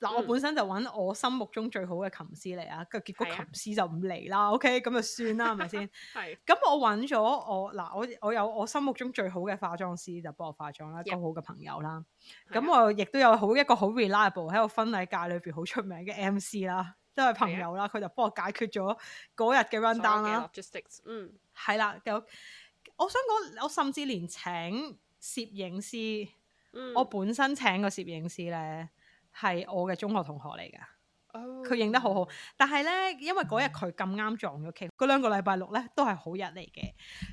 嗱，我本身就揾我心目中最好嘅琴師嚟啊，跟住結果琴師就唔嚟啦、啊、OK，咁就算啦，係咪先？係。咁我揾咗我嗱，我我有我心目中最好嘅化妝師，就幫我化妝啦，都 Yeah. 好嘅朋友啦。咁、啊、我亦都有好一個好 reliable 喺個婚禮界裏邊好出名嘅 MC 啦，都係朋友啦，佢、啊、就幫我解決咗嗰日嘅 run down 啦。嗯，係啦。有，我想講，我甚至連請攝影師，嗯、我本身請個攝影師咧。係我嘅中學同學嚟㗎，佢、oh. 認得好好。但係咧，因為嗰日佢咁啱撞咗 K，嗰兩個禮拜六咧都係好日嚟嘅，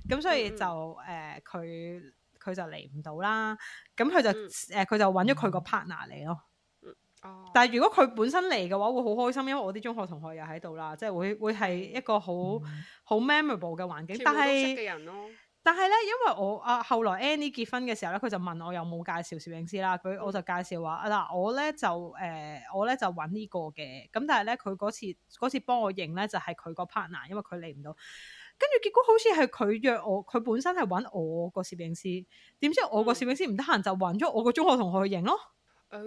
咁所以就誒佢佢就嚟唔到啦。咁佢就誒佢、mm. 呃、就搵咗佢個 partner 嚟咯。Mm. Oh. 但係如果佢本身嚟嘅話，會好開心，因為我啲中學同學又喺度啦，即係會會係一個好好 memorable 嘅環境，但係。但係咧，因為我啊後來 Annie 結婚嘅時候咧，佢就問我有冇介紹攝影師啦。佢、喔、我就介紹話啊嗱，我咧就誒，我咧就揾呢個嘅。咁但係咧，佢嗰次嗰次幫我影咧，就係佢個 partner，因為佢嚟唔到。跟住結果好似係佢約我，佢本身係揾我，攝我個攝影師。點知我個攝影師唔得閒，就揾咗我個中學同學去影咯。哦、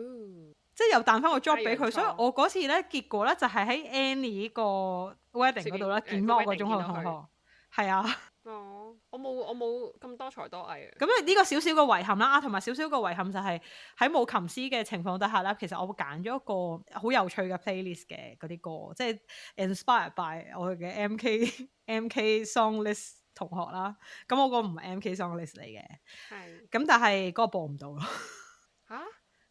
即係又彈翻個 job 俾佢。所以我嗰次咧，結果咧就係喺 Annie 個 wedding 嗰度咧見到我個中學同學。係啊。我冇我冇咁多才多藝啊！咁呢個少少嘅遺憾啦，啊同埋少少嘅遺憾就係喺冇琴師嘅情況底下啦，其實我揀咗一個好有趣嘅 playlist 嘅嗰啲歌，即係 inspired by 我嘅 MK MK song list 同學啦。咁我個唔係 MK song list 嚟嘅，係。咁但係嗰個播唔到咯。吓？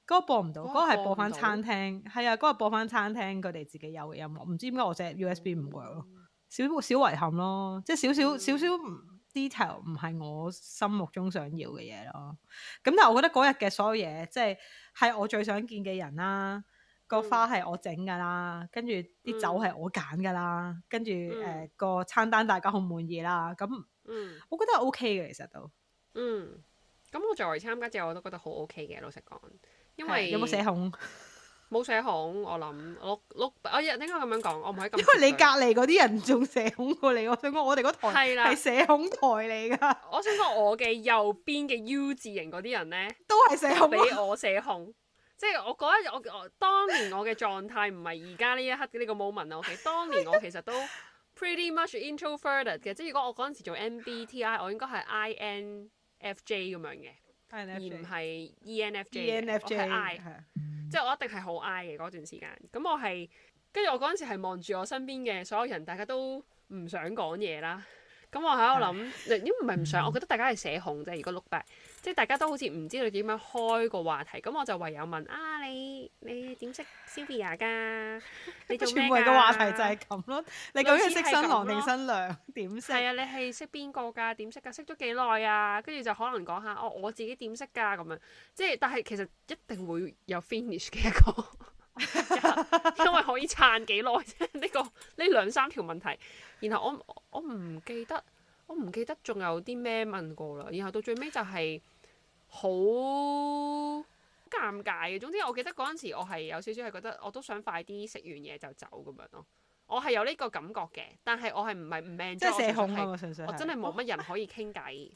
嗰 個播唔到，嗰個係播翻餐廳。係啊，嗰個播翻餐廳，佢哋自己有嘅音樂，唔知點解我隻 USB 唔 work 咯。少少遺憾咯，即係少少少少。detail 唔係我心目中想要嘅嘢咯，咁但係我覺得嗰日嘅所有嘢，即係係我最想見嘅人啦，個、嗯、花係我整㗎啦，跟住啲酒係我揀㗎啦，跟住誒個餐單大家好滿意啦，咁、嗯、我覺得 OK 嘅其實都，嗯，咁我作為參加者我都覺得好 OK 嘅，老實講，因為有冇寫紅？ 冇社恐，我諗我六，我應、哎、應該咁樣講，我唔可以咁。因為你隔離嗰啲人仲社恐過你，我想講我哋嗰台係社恐台嚟㗎。了我想講我嘅右邊嘅 U 字型嗰啲人咧，都係社恐，我社恐。即係我覺得我我當年我嘅狀態唔係而家呢一刻嘅呢個 moment 啊，OK。當年我其實都 pretty much introverted 嘅，即係如果我嗰陣時做 MBTI，我應該係 INFJ 咁樣嘅。而唔係 E N F J，係 I，即係我一定係好 I 嘅嗰段時間。咁我係跟住我嗰陣時係望住我身邊嘅所有人，大家都唔想講嘢啦。咁我喺度諗，如果唔係唔想，我覺得大家係社恐啫。如果 look back。即係大家都好似唔知道點樣開個話題，咁我就唯有問啊你你點識 Sylvia 㗎？你全部嘅話題就係咁咯。你究竟識新郎定新娘？點識？係啊，你係識邊個㗎？點識㗎？識咗幾耐啊？跟住就可能講下哦，我自己點識㗎咁樣。即係但係其實一定會有 finish 嘅一個 因為可以撐幾耐啫。呢、 這個呢兩三條問題。然後我我唔記得我唔記得仲有啲咩問過啦。然後到最尾就係、是。好尷尬嘅。總之，我記得嗰陣時，我係有少少係覺得我都想快啲食完嘢就走咁樣咯。我係有呢個感覺嘅，但係我係唔係唔 man，即社恐，我，我，純粹我真係冇乜人可以傾偈。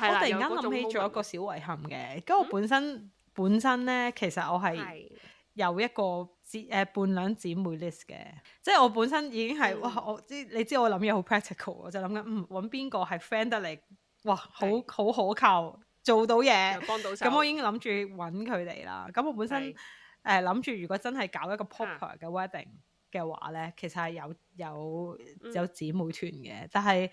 哦、的我突然間諗起咗一個小遺憾嘅，因為、嗯、我本身本身呢，其實我係有一個姊誒、呃、伴娘姊妹 list 嘅，即係我本身已經係、嗯、哇，我知你知我諗嘢好 practical，我就諗緊揾邊個係 friend 得嚟，哇，好好，對 好可靠。做到嘢，咁我已經諗住揾佢哋啦。咁、嗯、我本身誒諗住，是呃、如果真係搞一個 proper 嘅 wedding 嘅話咧，其實係有有、嗯、有姊妹團嘅。但係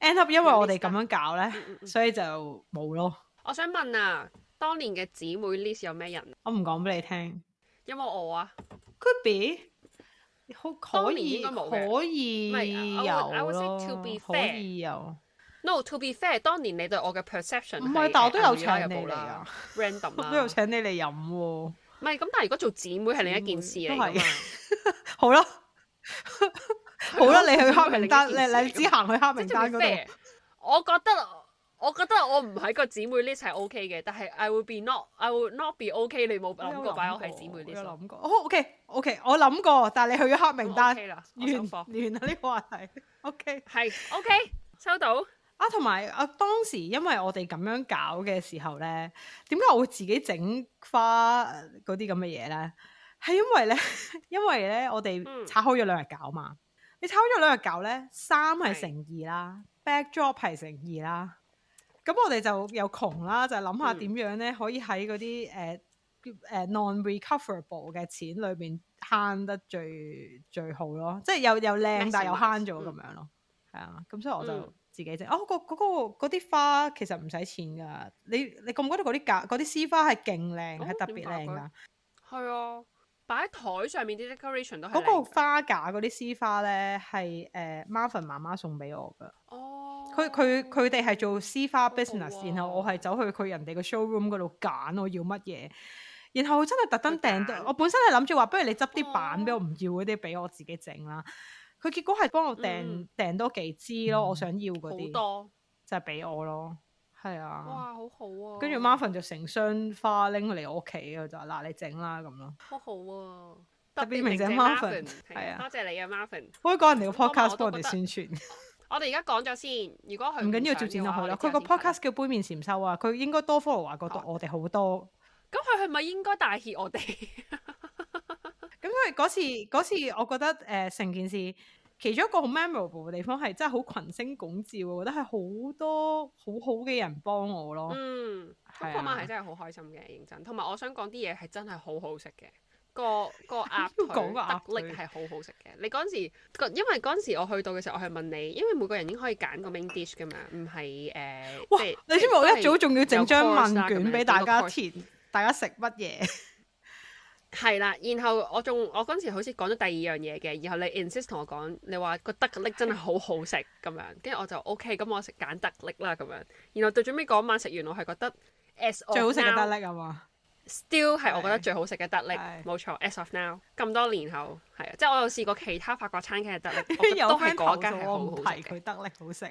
end up 因為我哋咁樣搞咧，嗯嗯嗯、所以就冇咯。我想問啊，當年嘅姊妹 list 有咩人？我唔講俾你聽。有冇我啊？Could be，可以可以有 I would say to be fair。No, to be fair，當年你對我嘅 perception 唔係，但我都有請你啊，random 都有請你嚟飲喎。唔係咁，但係如果做姊妹係另一件事嚟嘅。好啦，好啦，你去黑名單，你你只行去黑名單嗰度。我覺得我覺得我唔喺個姊妹 list 係 OK 嘅，但係 I will be not, I will not be OK。你冇諗過擺我喺姊妹 list？係有諗過。好 OK，OK，我諗過，但係你去咗黑名單。好啦，唔想講，完啦呢個話題。OK，係 OK，收到。啊，同埋啊，當時因為我哋咁樣搞嘅時候咧，點解我會自己整花嗰啲咁嘅嘢咧？係、呃、因為咧，因為咧，我哋拆開咗兩日搞嘛。你拆開咗兩日搞咧，三係乘二啦，backdrop 係乘二啦。咁對我哋就又窮啦，就係、是、諗下點樣咧、嗯、可以喺嗰啲誒誒 non recoverable 嘅錢裏邊慳得最最好咯，即係又又靚但係又慳咗咁樣咯。係、嗯、啊，咁所以我就、嗯。自己整哦，嗰個嗰、嗰個嗰啲花其實唔使錢噶。你你覺唔覺得嗰啲架啲絲花係勁靚，係、哦、特別靚噶？係啊，擺喺台上面啲 decoration 都嗰個花架嗰啲絲花咧係誒 Marvin 媽媽送俾我噶。哦，佢佢佢哋係做絲花 business，、哦好好啊、然後我係走去佢人哋嘅 showroom 嗰度揀我要乜嘢。然後真係特登訂到，我，選我本身係諗住話，不如你執啲板俾、哦、我，唔要嗰啲俾我自己整啦。佢結果係幫我訂訂多幾支咯，我想要嗰啲多，就係俾我咯，係啊。哇，好好啊！跟住 Marvin 就成箱花拎嚟我屋企啊，就話嗱你整啦咁咯。好好啊，特別鳴謝 Marvin，係啊，多謝你啊 Marvin。可以講人哋個 podcast 幫我哋宣傳。我哋而家講咗先，如果佢唔緊要就剪落去啦。佢個 podcast 叫杯麵禪修啊，佢應該多 follow 下個多我哋好多。咁佢係咪應該帶 heat 我哋？因為嗰次嗰次我、呃，我覺得誒成件事其中一個好 memorable 嘅地方係真係好群星拱照，我覺得係好多好好嘅人幫我咯。嗯，嗰晚係真係好開心嘅，認真。同埋我想講啲嘢係真係好好食嘅，個、嗰個鴨腿特力係好好食嘅。你嗰陣時，因為嗰陣時我去到嘅時候，我係問你，因為每個人已經可以揀個 main dish 咁樣，唔係誒。呃、哇！呃、你知我一早仲要整、呃、張問卷俾大，大家填，大家食乜嘢？係啦，然後我仲我嗰陣時好似講咗第二樣嘢嘅，然後你 insist 同我講，你話個德力真係好好食咁樣，跟住我就 OK，咁我食揀德力啦咁樣。然後到、OK，最尾嗰晚食完，我係覺得 as of 最好食嘅德力啊嘛 now, 的，still 係我覺得最好食嘅德力，冇錯的。as of now，咁多年後係啊，即係我有試過其他法國餐廳嘅德力，我覺得都係嗰間係好好食，佢德力好食，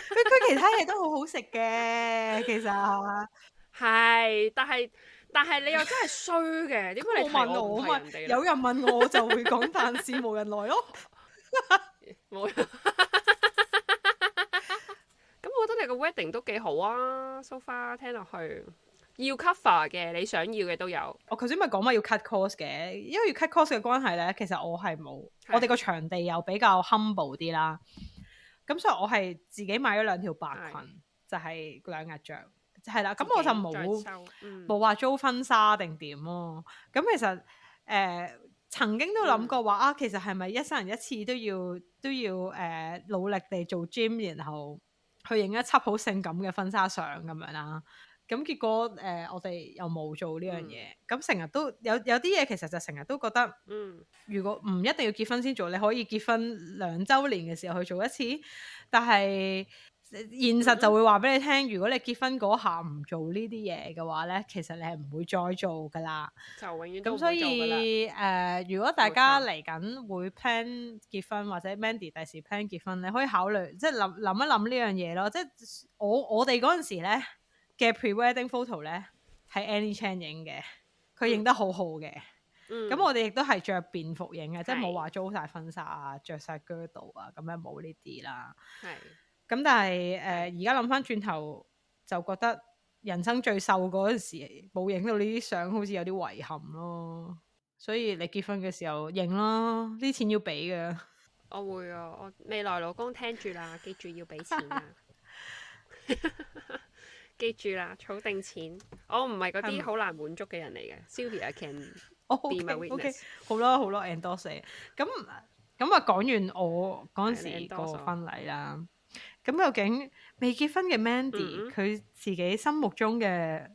佢 其他嘢都好好食嘅，其實係、啊， 但係。但係你又真係衰嘅，點解你冇問我？咪有人問我，就會講， 但事無人來咯。冇人。咁我覺得你個 wedding 都幾好啊，so far，聽落去，要 cover 嘅，你想要嘅都有。我頭先咪講話要 cut cost 嘅，因為要 cut cost 嘅關係咧，其實我係冇，啊、我哋個場地又比較 humble 啲啦。咁所以，我係自己買咗兩條白裙，就係兩日著。係啦，咁我就冇冇話租婚紗定點咯。咁其實誒、呃、曾經都諗過話啊，其實係咪一生人一次都要都要誒、呃、努力地做 gym，然後去影一輯好性感嘅婚紗相咁樣啦、啊？咁結果誒、呃、我哋又冇做呢樣嘢。咁成日都有有啲嘢其實就成日都覺得，嗯，如果唔一定要結婚先做，你可以結婚兩週年嘅時候去做一次，但係，現實就會話俾你聽，嗯嗯如果你結婚嗰下唔做呢啲嘢嘅話咧，其實你係唔會再做噶啦。就永遠咁，所以誒、 呃，如果大家嚟緊會 plan 結婚或者 Mandy 第時 plan 結婚，你可以考慮即係諗諗一諗呢樣嘢咯。即係我我哋嗰陣時咧嘅 pre wedding photo 咧係 Annie Chan 影嘅，佢影得好好嘅。嗯，咁我哋亦都係着便服影嘅，嗯、即係冇話租晒婚紗啊、着晒著曬 girdle 啊，咁樣冇呢啲啦。係、嗯。咁但係誒，而家諗翻轉頭就覺得人生最瘦嗰陣時冇影到呢啲相，好似有啲遺憾咯。所以你結婚嘅時候影咯，啲錢要俾嘅。我會啊、哦，我未來老公聽住啦，記住要俾錢啦， 記住啦，儲定錢。我唔係嗰啲好難滿足嘅人嚟嘅。Sylvia 嗎 can okay, be my witness okay，好。好咯，好咯，endorse。咁咁啊，講完我嗰陣時個婚禮啦。咁、嗯、究竟未結婚嘅 Mandy 佢、嗯、自己心目中嘅誒、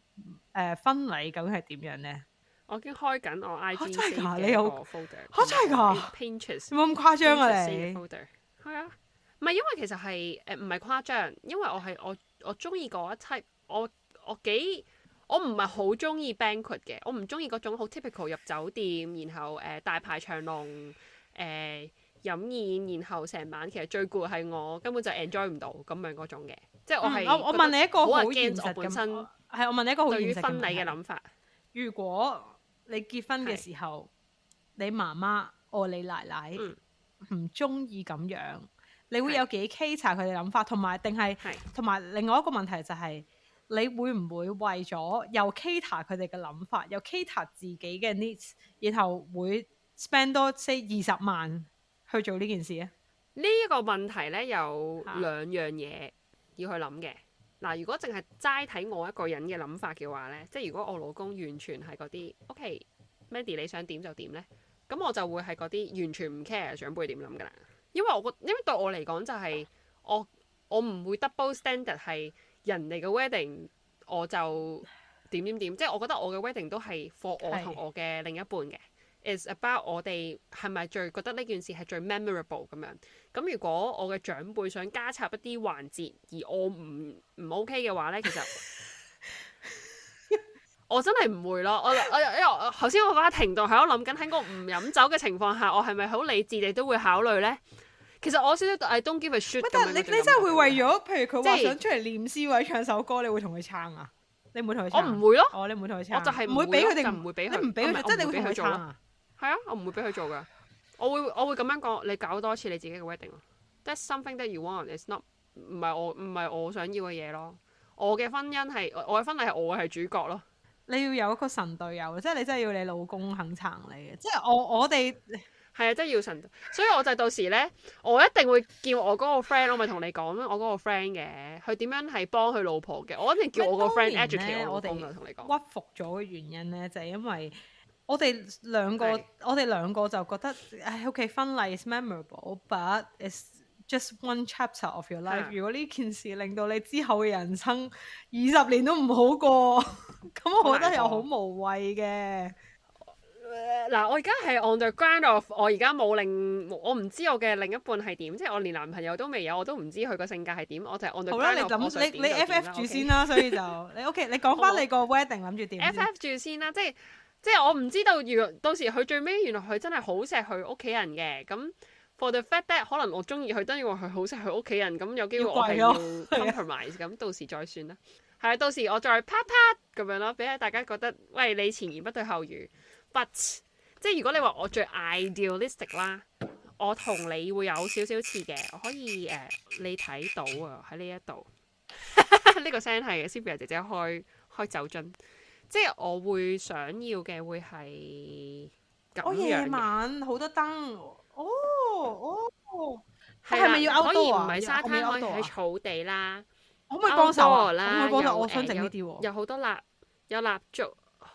呃、婚禮究竟係點樣咧？我已經開緊我 I G、啊、真係噶，你有 folder 真係噶 Pinterest 冇咁誇張啊？你係啊，唔係、啊、因為其實係誒唔係誇張，因為我係我我中意嗰一 type 我我幾我唔係好中意 banquet 嘅，我唔中意嗰種好 typical 入酒店然後誒、呃、大排長龍誒。呃飲宴，然後成晚其實最攰係我根本就 enjoy 唔到咁樣嗰種嘅，即係我係、嗯、我我問你一個好現實咁，係我問你一個好婚禮嘅諗法。如果你結婚嘅時候，是你媽媽哦你奶奶唔中意咁樣，你會有幾 cater 佢哋諗法，同埋定係同埋另外一個問題就係、是、你會唔會為咗又 cater 佢哋嘅諗法，又 cater 自己嘅 needs，然後會 spend 多 say 二十萬？去做呢件事啊，呢一個問題咧有兩樣嘢要去諗嘅。嗱、啊，如果淨係齋睇我一個人嘅諗法嘅話咧，即係如果我老公完全係嗰啲，O.K.，Mandy、okay, 你想點就點咧，咁我就會係嗰啲完全唔 care 長輩點諗噶啦。因為我覺，因為對我嚟講就係、是啊、我我唔會 double standard 係人哋嘅 wedding，我就點點點，啊、即係我覺得我嘅 wedding 都係 for 是我同我嘅另一半嘅。is about 我哋係咪最覺得呢件事係最 memorable 咁樣？咁如果我嘅長輩想加插一啲環節，而我唔唔 OK 嘅話咧，其實我真係唔會咯。我我因為我頭先我講停頓喺我諗緊喺個唔飲酒嘅情況下，我係咪好理智地都會考慮咧？其實我先都誒，don't give a shit。但你你真係會為咗譬如佢想出嚟念詩或者唱首歌，你會同佢撐啊？你唔會同佢撐？我唔會咯。哦，你唔會同佢撐？我就係唔會俾佢哋唔會俾你，唔俾佢，即係你會同佢撐？係啊，我唔會俾佢做噶，我會我會咁樣講，你搞多次你自己嘅 wedding 咯。That's something that you want. It's not 唔係我唔係我想要嘅嘢咯。我嘅婚姻係我嘅婚禮係我係主角咯。你要有一個神隊友，即係你真係要你老公肯撐你嘅，即係我我哋係啊，真係要神。所以我就到時咧，我一定會叫我嗰個 friend，我咪同你講我嗰個 friend 嘅，佢點樣係幫佢老婆嘅。我一定叫我個 friend educate 我老公啊，同你講屈服咗嘅原因咧，就係因為。我哋兩個，我哋兩個就覺得喺屋企婚禮 is memorable，but it's just one chapter of your life。如果呢件事令到你之後嘅人生二十年都唔好過，咁我覺得又好無謂嘅。嗱，我而家係 on the ground of 我而家冇另，我唔知我嘅另一半係點，即係我連男朋友都未有，我都唔知佢個性格係點，我就係 on the ground of。好啦，你咁你 ff 住先啦，所以就你 OK，你講翻你個 wedding 諗住點？ff 住先啦，即係。即係我唔知道，原到時佢最尾，原來佢真係好錫佢屋企人嘅。咁 for the fact that 可能我中意佢，當然話佢好錫佢屋企人。咁有機會我係要 compromise，咁到時再算啦。係啊， 到時我再啪啪咁樣咯，俾下大家覺得，喂，你前言不對後語，but 即係如果你話我最 idealistic 啦，我同你會有少少似嘅，我可以誒，uh, 你睇到啊，喺呢一度呢個聲係嘅，Sylvia 姐姐開開酒樽。即係我會想要嘅會係咁，夜晚好多燈。哦哦，係咪 要歐多可以唔係沙灘，喺草地啦，可唔可以幫手？國我可以。有我想整呢啲喎，有好多蠟，有蠟燭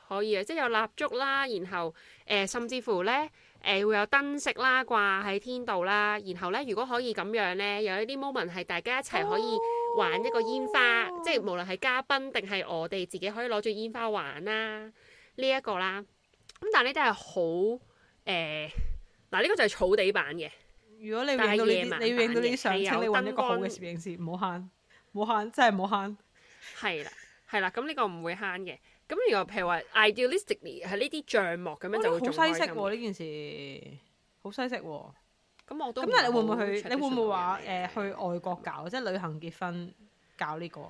可以啊，即係有蠟燭啦，然後誒、呃、甚至乎咧誒、呃、會有燈飾啦，掛喺天度啦，然後咧如果可以咁樣咧，有一啲 moment 係大家一齊可以、哦。玩一個煙花，oh. 即係無論係嘉賓定係我哋自己可以攞住煙花玩啦，呢、這、一個啦。咁但係呢啲係好誒，嗱、呃、呢、這個就係草地版嘅。如果你影到你影到呢啲相，有請你揾一個好嘅攝影師，唔好慳，唔好慳，真係唔好慳。係啦，係啦，咁呢個唔會慳嘅。咁然後譬如話，idealistically 係呢啲帳幕咁樣、哦、就會好、哦、西式喎呢件事，好西式喎。咁我都咁，但係你會唔會去？你會唔會話誒去外國搞，即係旅行結婚搞呢個？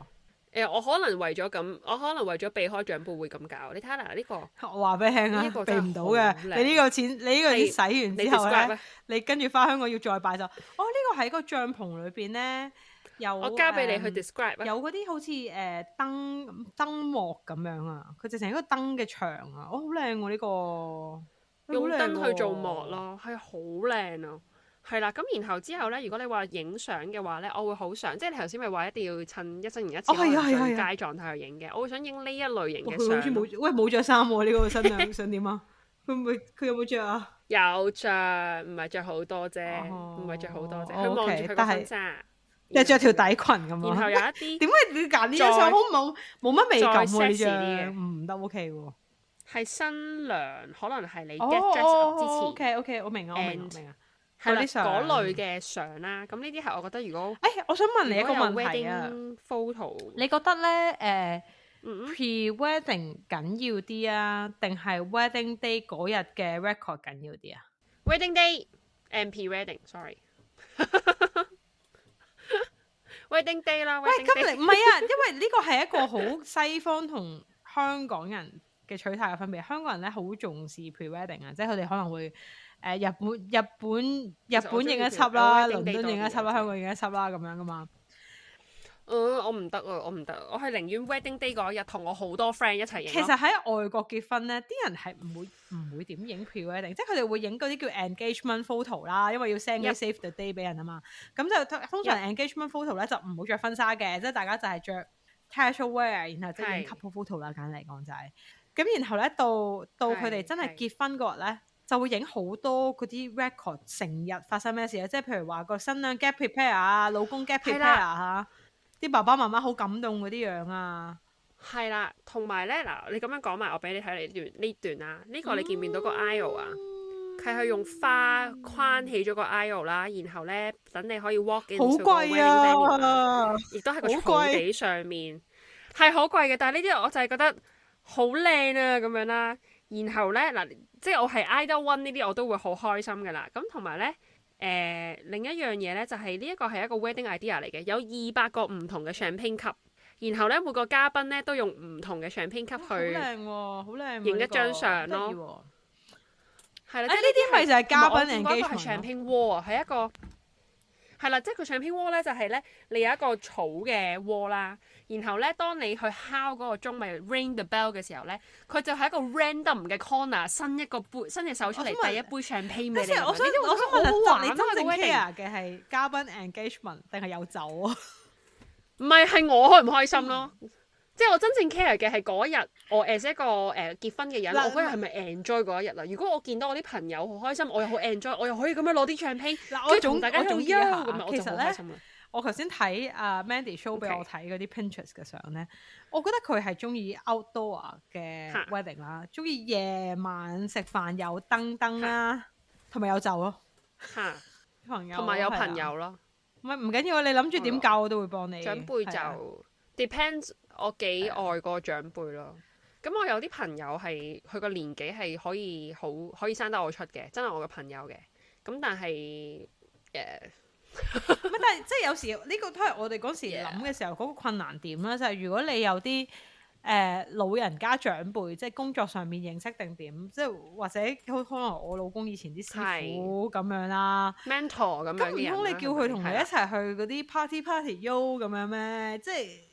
誒，我可能為咗咁，我可能為咗避開長輩會咁搞。你睇下啦，呢個我話俾你聽啊，呢個避唔到嘅。你呢個錢，你呢個錢使完之後咧，你跟住翻香港要再擺酒。哦，呢個喺個帳篷裏邊咧，有我交俾你去 describe。有嗰啲好似誒燈燈幕咁樣啊，佢直成一個燈嘅牆啊。哦，好靚喎！呢個用燈去做幕咯，係好靚啊！係啦，咁然後之後咧，如果你話影相嘅話咧，我會好想即係你頭先咪話一定要趁一生人一次開上街狀態去影嘅，我會想影呢一類型嘅相。佢好似冇喂冇着衫喎，呢個新娘想點啊？佢咪佢有冇着啊？有着，唔係着好多啫，唔係着好多。啫。O K，但係即係著條底裙咁然後有一啲，點解你揀呢張相？好冇冇乜美感唔得，O K 喎。係新娘，可能係你 get dressed up 之前。O K O K，我明我明我明啊。嗰嗰類嘅相啦，咁呢啲係我覺得如果，哎，我想問你一個問題啊，photo，你覺得咧誒，pre wedding 緊要啲啊，定係 wedding day 嗰日嘅 record 緊要啲啊？Wedding day，and pre wedding，sorry，wedding day 啦。喂，咁嚟唔係啊，因為呢個係一個好西方同香港人嘅取態嘅分別。香港人咧好重視 pre wedding 啊，即係佢哋可能會。誒、呃、日本日本日本影一輯啦，倫敦影一輯啦，香港影一輯啦，咁樣㗎嘛？誒我唔得啊，我唔得，我係寧願 wedding day 嗰日同我好多 friend 一齊影。其實喺外國結婚咧，啲人係唔會唔會點影票咧，定即係佢哋會影嗰啲叫 engagement photo 啦，因為要 send save the day 俾 Yep. 人啊嘛。咁就通常 engagement photo 咧就唔好着婚紗嘅，Yep. 即係大家就係着 casual wear，然後即係影 couple photo 啦，簡嚟講就係。咁然，然後咧到到佢哋真係結婚嗰日咧。是就會影好多嗰啲 record，成日發生咩事啊？即係譬如話個新娘 get prepare 啊，老公 get prepare 啊，啲了、啊、爸爸媽媽好感動嗰啲樣啊。係啦，同埋咧嗱，你咁樣講埋，我俾你睇你段呢段啊。呢、呢個你見唔見到個 aisle 啊？佢係、嗯、用花框起咗個 aisle 啦，然後咧等你可以 walk in。好貴啊！亦都係個草地、嗯嗯、上面係好貴嘅，但係呢啲我就係覺得好靚啊咁樣啦。然後咧嗱。即係我係 idol one 呢啲我都會好開心噶啦，咁同埋呢，誒、呃、另一樣嘢呢就係、是、呢一個係一個 wedding idea 嚟嘅，有二百個唔同嘅 champagne cup，然後呢，每個嘉賓呢都用唔同嘅 champagne cup 去、欸，好靚影一張相咯，係、這個、啊，即係呢啲咪就係嘉賓嚟嘅，係 champagne 窩係一個 wall。係啦，即係佢 champagne wall 咧，就係、是、咧，你有一個草嘅 wall 啦，然後咧，當你去敲嗰個鐘咪 ring the bell 嘅時候咧，佢就係一個 random 嘅 corner 伸一個杯伸隻手出嚟，第一杯 champagne。即係我想我想問下你真正 care 嘅係嘉賓 engagement 定係有酒啊？唔係係我開唔開心咯，開心咯、嗯？即係我真正 care 嘅係嗰一日，我 as 一個誒結婚嘅人，我嗰日係咪 enjoy 嗰一日啊？如果我見到我啲朋友好開心，我又好 enjoy，我又可以咁樣攞啲唱片，嗱，我同大家一呼咁啊！其實咧，我頭先睇阿 Mandy show 俾我睇嗰啲 Pinterest 嘅相咧，我覺得佢係中意 outdoor 嘅 wedding 啦，中意夜晚食飯有燈燈啦，同埋有酒咯吓，同埋有朋友咯，唔係唔緊要啊！你諗住點教我都會幫你。長輩就 depends。我幾愛個長輩咯，咁、嗯、我有啲朋友係佢個年紀係可以好可以生得我出嘅，真係我嘅朋友嘅。咁但係誒，yeah. 但係即係有時呢、呢個都係我哋嗰時諗嘅時候嗰 Yeah. 個困難點啦，就係、是、如果你有啲誒、呃、老人家長輩，即係工作上面認識定點，即係或者好可能我老公以前啲師傅咁對樣啦、啊，mentor 咁樣嘅、啊，咁唔通你叫佢同你一齊去嗰啲 party party you 咁樣咩？對即係。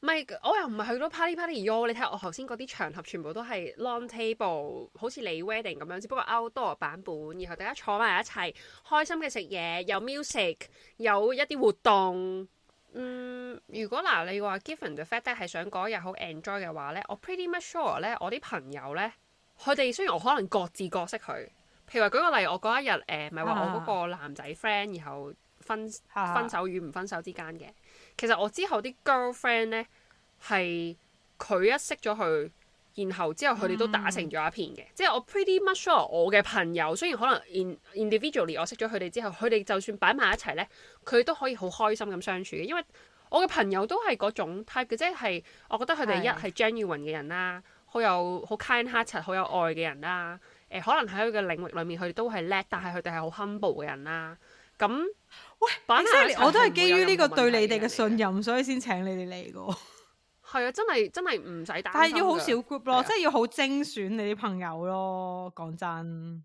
唔係，咪我又唔係去到 party party yo，你睇下我頭先嗰啲場合全部都係 long table，好似你 wedding 咁樣，只不過 outdoor 版本，然後大家坐埋一齊，開心嘅食嘢，有 music，有一啲活動。嗯，如果嗱你話 given the fact 係想嗰日好 enjoy 嘅話咧，我 pretty much sure 咧，我啲朋友咧，佢哋雖然我可能各自各識佢，譬如話舉個例，我嗰一日誒，咪、呃、話我嗰個男仔 friend，然後分分手與唔分手之間嘅。其實我之後啲 girlfriend 咧係佢一識咗佢，然後之後佢哋都打成咗一片嘅。嗯、即係我 pretty much sure 我嘅朋友，雖然可能 individually 我識咗佢哋之後，佢哋就算擺埋一齊咧，佢都可以好開心咁相處嘅。因為我嘅朋友都係嗰種 type 嘅，即係我覺得佢哋一係 genuine 嘅人啦，好是有好 kind hearted 好有愛嘅人啦。誒、呃，可能喺佢嘅領域裡面，佢哋都係叻，但係佢哋係好 humble 嘅人啦。咁喂，我都係基於呢個對你哋嘅信任，所以先請你哋嚟噶。係啊，真係真係唔使打。但係要好少 group 咯，即係要好精選你啲朋友咯。講真，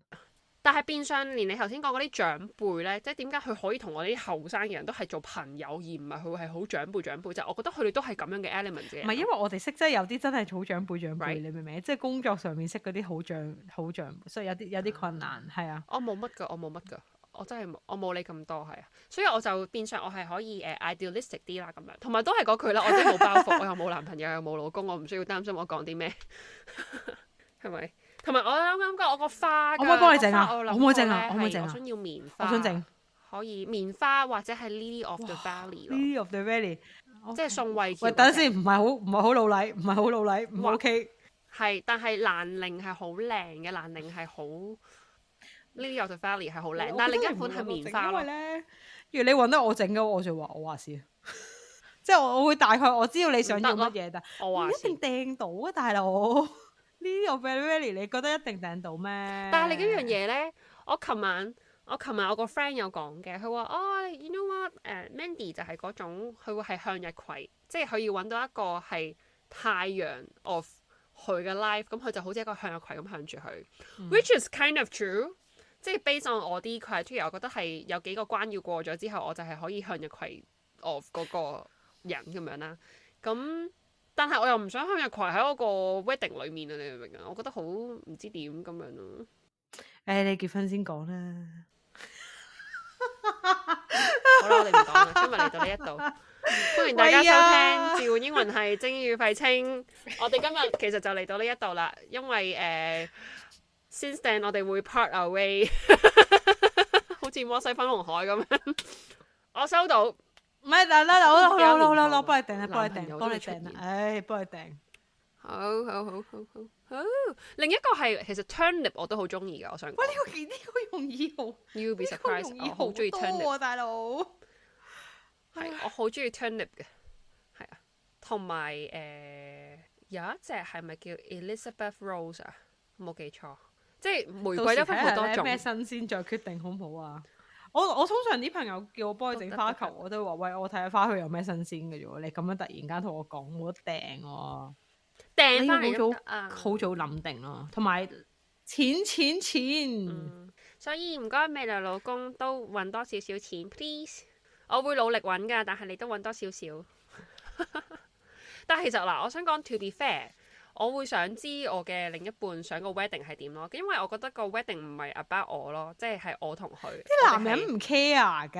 但係變相連你頭先講嗰啲長輩咧，即係點解佢可以同我啲後生嘅人都係做朋友，而唔係佢係好長輩長輩？就我覺得佢哋都係咁樣嘅 element 啫。唔係，因為我哋識真係有啲真係好長輩長輩，你明唔明？即係工作上面識嗰啲好長好長輩，所以有啲有啲困難。係啊，我冇乜噶，我冇乜噶。我真係我冇你咁多係啊，所以我就變相我係可以誒、呃、idealistic 啲啦咁樣，同埋都係嗰句啦，我都冇包袱， 我又冇男朋友，又冇老公，我唔需要擔心我講啲咩，係 咪？同埋我啱啱講我個花，我可唔可以幫你整啊？可唔可以整啊？可唔可以整我想要棉花，我想整可以棉花或者係 Lily of the valley l 咯哇，Lily of the valley 即係送位置。喂，等下先，唔係好唔係好老禮，唔係好老禮，唔 OK。係，但係蘭寧係好靚嘅，蘭寧係好，好。呢啲 Rose Valley 係好靚，嗯、但係另一款係棉花，因為咧，如你揾到我整嘅， 我就話我話事，即係我我會大概我知道你想要乜嘢。但我話說 一定掟到啊大佬，呢啲 Rose Valley 你覺得一定掟到咩？但係另一樣嘢咧，我琴晚，晚我琴晚我個 friend 有講嘅，佢話哦、oh,，you know what？誒、uh, Mandy 就係嗰種，佢會係向日葵，即係佢要揾到一個係太陽 of 佢嘅 life，咁佢就好似一個向日葵咁向住佢、嗯、，which is kind of true。即係 based on 我啲 criteria，我覺得係有幾個關要過咗之後，我就係可以向日葵 off 嗰個人咁樣啦。咁但係我又唔想向日葵喺我個 wedding 裡面啊，你明唔明啊？我覺得好唔知點咁樣咯。誒、欸，你結婚先講啦。 好啦，我哋唔講啦。今日嚟到呢一度， 歡迎大家收聽《召喚呀英文系》。係精英與廢青。我哋今日其實就嚟到呢一度啦，因為誒。呃 Since then 我哋會 part away， 好似摩西粉紅海咁樣 我收到，唔係，但係大佬，好老啦，老幫你訂啊，幫你訂，幫你訂啊，唉，幫你訂。好好好好好好，哦、另一個係其實 turnip 我都好中意嘅，我想。喂，呢、這個幾呢、這個容易 you'll be surprised 喎，呢個容易好多、哦。我好中意 turnip 大佬。係， 我好中意 turnip 嘅。係啊，同埋誒有一隻係咪叫 Elizabeth Rose 啊？冇記錯。即係玫瑰都分好多種，咩新鮮，再決定好唔好啊！我我通常啲朋友叫我幫佢整花球，我都話喂，我睇下花佢有咩新鮮嘅啫喎！你咁樣突然間同我講、啊回哎，我訂我訂花好早好早諗定咯，同埋錢錢錢、嗯，所以唔該未來老公都搵多少少錢，please！我會努力搵噶，但係你都搵多少少。 但係其實嗱，我想講 to be fair。我會想知我嘅另一半想個 wedding 係點咯，因為我覺得個 wedding 唔係 about 我咯，即係係我同佢。啲男人唔 care 㗎。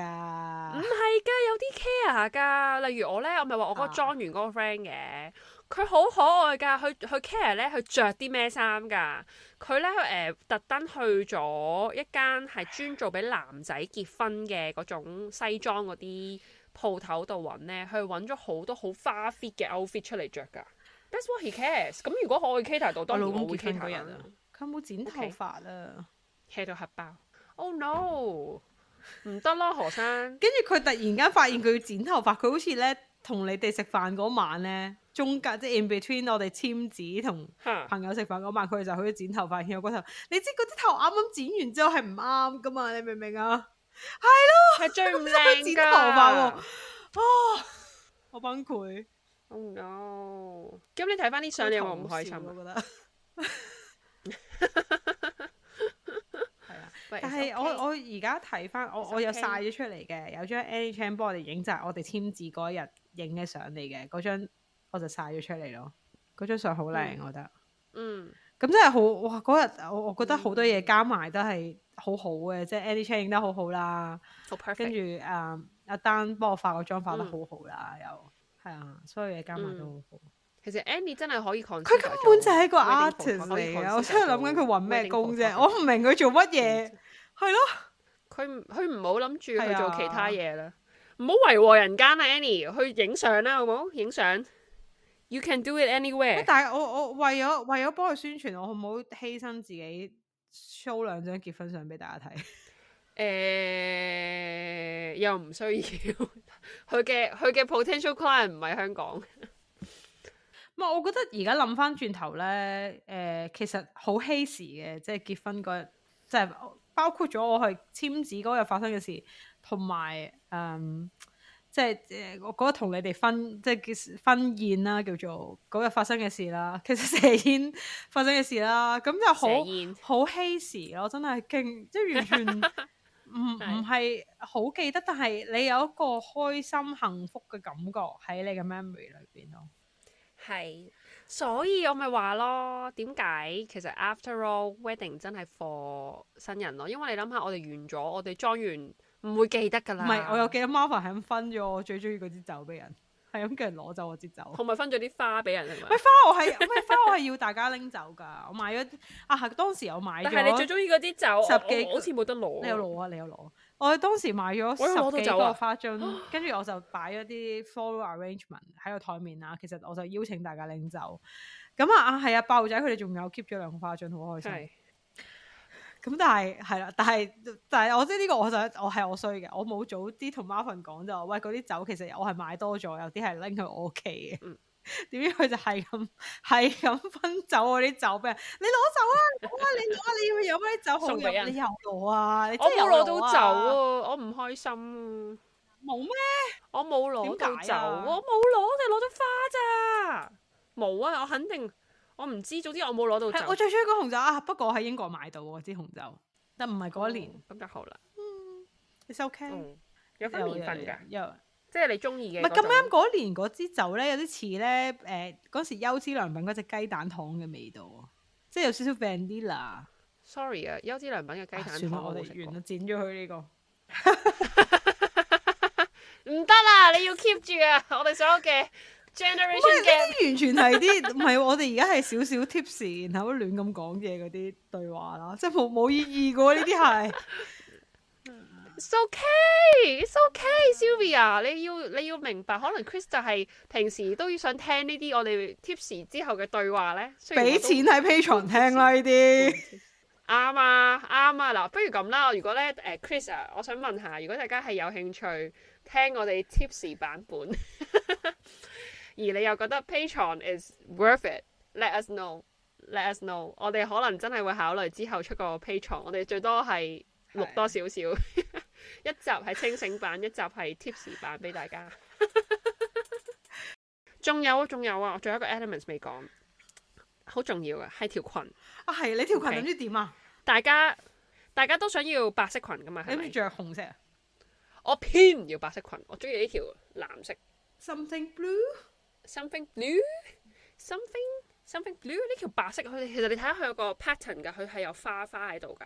唔係㗎，有啲 care 㗎。例如我咧，我咪話我嗰個莊園嗰個 friend 嘅，佢好、啊、可愛㗎。佢佢 care 咧，佢着啲咩衫㗎？佢咧誒，特登去咗一間係專做俾男仔結婚嘅嗰種西裝嗰啲鋪頭度揾咧，去揾咗好多好花 fit 嘅 outfit 出嚟着㗎。That's what he cares。咁如果可以 cater 到，當然我會 cater 個人。佢冇剪頭髮啊？Hair Okay. 到核包。Oh no！唔得 啦，何生。跟住佢突然間發現佢要剪頭髮，佢好似咧同你哋食飯嗰晚咧，中間即係 in between 我哋簽紙同朋友食飯嗰晚，佢 Huh. 就去咗剪頭髮，剪到嗰頭。你知嗰啲頭啱啱剪完之後係唔啱噶嘛？你明唔明啊？係 咯，係最唔靚噶頭髮喎。啊！ 我崩潰。Oh no！咁你睇翻啲相你有冇唔開心？我覺得係啊，但係我我而家睇翻我我又晒咗出嚟嘅，有張 Andy Chan 幫我哋影就係我哋簽字嗰一日影嘅相嚟嘅，嗰張我就晒咗出嚟咯。嗰張相好靚，我覺得。嗯，咁真係好哇！嗰日我我覺得好多嘢加埋都係好好嘅，即係 Andy Chan 影得好好啦，跟住啊阿丹幫我化個妝化得好好啦又。係啊，所有嘢加埋都好好。其實 Annie 真係可以 control。佢根本就係一個 artist 嚟嘅，我真係諗緊佢搵咩工啫，我唔明佢做乜嘢。係咯，佢佢唔好諗住去做其他嘢啦，唔好為禍人間啊！Annie，去影相啦，好冇？影相。You can do it anywhere。但係我我為咗為咗幫佢宣傳，我唔好犧牲自己，show 兩張結婚相俾大家睇。誒，uh, 又唔需要佢嘅佢嘅 potential client 唔係香港。唔 係，嗯，我覺得而家諗翻轉頭咧，誒、呃，其實好唏噓嘅。即係結婚嗰日，即係包括咗我去簽紙嗰日發生嘅事，同埋誒，即係誒、呃，我嗰日同你哋婚即係結婚宴啦，叫做嗰日發生嘅事啦，其實謝宴發生嘅事啦，咁就好煙好唏噓咯，真係驚，即係完全。 唔唔係好記得，但係你有一個開心幸福嘅感覺喺你嘅 memory 裏邊咯。係，所以我咪話咯，點解其實 after all wedding 真係 for 新人咯？因為你諗下，我哋完咗，我哋裝完，唔會記得噶啦。唔係，我又記得 Marvin 肯分咗我最中意嗰支酒俾人。咁叫人攞走我節奏，同埋分咗啲花俾人啊！咪 花我係，咪花我係要大家拎走噶。我買咗啲啊，當時有買。但係你最中意嗰啲酒，十幾，好似冇得攞。你有攞啊？你有攞？我當時買咗十幾個花樽，跟住我、啊、我就擺咗啲 follow arrangement 喺個台面啊。 其實我就邀請大家拎走。咁啊啊，係啊！爆、啊、仔佢哋仲有 keep 咗兩個花樽，好開心。咁但係係啦，但係但係我知呢個我，我就我係我衰嘅，我冇早啲同 Marvin 講就，喂嗰啲酒其實我係買多咗，有啲係拎去我屋企嘅。點知佢就係咁係咁分走我啲酒俾人。你攞走啊！ 你攞啊！你要飲咩、啊、 酒好？好俾你又攞啊？你真有我冇、啊、攞到酒啊！我唔開心冇、啊、咩？我冇攞酒！啊、我冇攞，我攞咗花咋？冇啊！我肯定。我唔知，總之我冇攞到酒。係我最中意個紅酒啊，不過我喺英國買到嗰支紅酒，但唔係嗰一年咁，哦、就好啦。你收 key 有分年份噶？有，即係你中意嘅。唔係咁啱嗰年嗰支酒咧，有啲似咧誒，嗰時優之良品嗰隻雞蛋糖嘅味道啊，即係有少少 vanilla。Sorry 啊，優之良品嘅雞蛋糖，啊、我哋完啦，剪咗佢呢個。唔得 啦，你要 keep 住啊！我哋所有嘅。 唔係呢啲完全係啲，唔係 我哋而家係少少 tipsy，然後亂咁講嘢嗰啲對話啦，即係冇冇意義嘅喎，呢啲係。It's okay, it's okay, Sylvia。你要你要明白，可能 Chris 就係平時都要想聽呢啲我哋 tipsy 之後嘅對話咧。俾錢喺 Patreon 聽啦呢啲。啱啊，啱啊，嗱、啊，不如咁啦，如果咧誒、呃、Chris 啊，我想問下，如果大家係有興趣聽我哋 tipsy 版本。 而你又覺得 Patreon is worth it？Let us know，Let us know。我哋可能真係會考慮之後出個 Patreon，我哋最多係錄多少少的 一集係清醒版， 一集係 tipsy 版俾大家。仲 有啊，仲有啊，我仲有一個 elements 未講，好重要嘅係條裙啊，係你條裙諗住點啊？大家大家都想要白色裙噶嘛？係咪？你諗住著紅色啊？我偏唔要白色裙，我中意呢條藍色，something blue。something blue，something，something blue，呢 blue, 條白色佢其實你睇下佢有個 pattern 噶，佢係有花花喺度噶，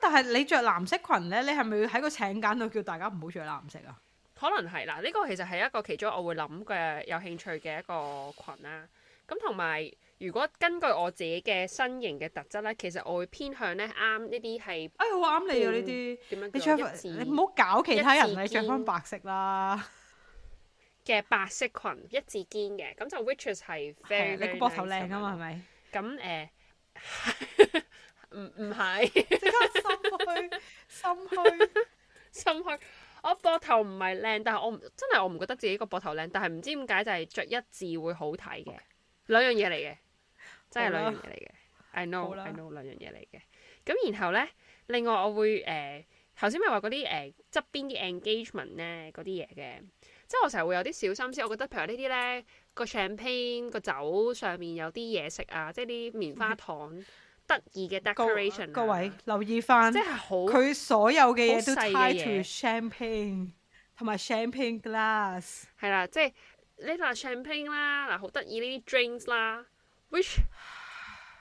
但係你着藍色裙咧，你係咪要喺個請柬度叫大家唔好着藍色啊？可能係啦，呢、呢個其實係一個其中我會諗嘅有興趣嘅一個裙啦、啊。咁同埋如果根據我自己嘅身形嘅特質咧，其實我會偏向咧啱呢啲係，哎，好啱你啊呢啲。點、啊、樣？你唔穿好字搞其他人，你着翻白色啦。嘅白色裙一字、嗯、very nice，肩嘅，咁就 which is 係 very 你個膊頭靚啊嘛，係咪？咁誒、嗯，唔唔係，即、 嗯、不 刻心虛，心虛，心虛。 我膊頭唔係靚，但係我真係我唔覺得自己個膊頭靚，但係唔知點解就係着一字會好睇嘅。兩 Okay. 樣嘢嚟嘅，真係兩樣嘢嚟嘅。了 I know，I know，兩了 know，樣嘢嚟嘅。咁然後咧，另外，另外我會誒，頭先咪話嗰啲誒側邊啲 engagement 咧嗰啲嘢嘅。嗯嗯嗯嗯嗯嗯嗯嗯即係我成日會有啲小心思，思，我覺得譬如呢啲咧個 champagne 個酒上面有啲嘢食啊，即係啲棉花糖、嗯、哼得意嘅 decoration、啊。各位留意翻，即係佢所有嘅嘢都 tie to champagne，同埋 champagne glass 係啦，即係你話 champagne 啦，嗱好得意呢啲 drinks 啦，which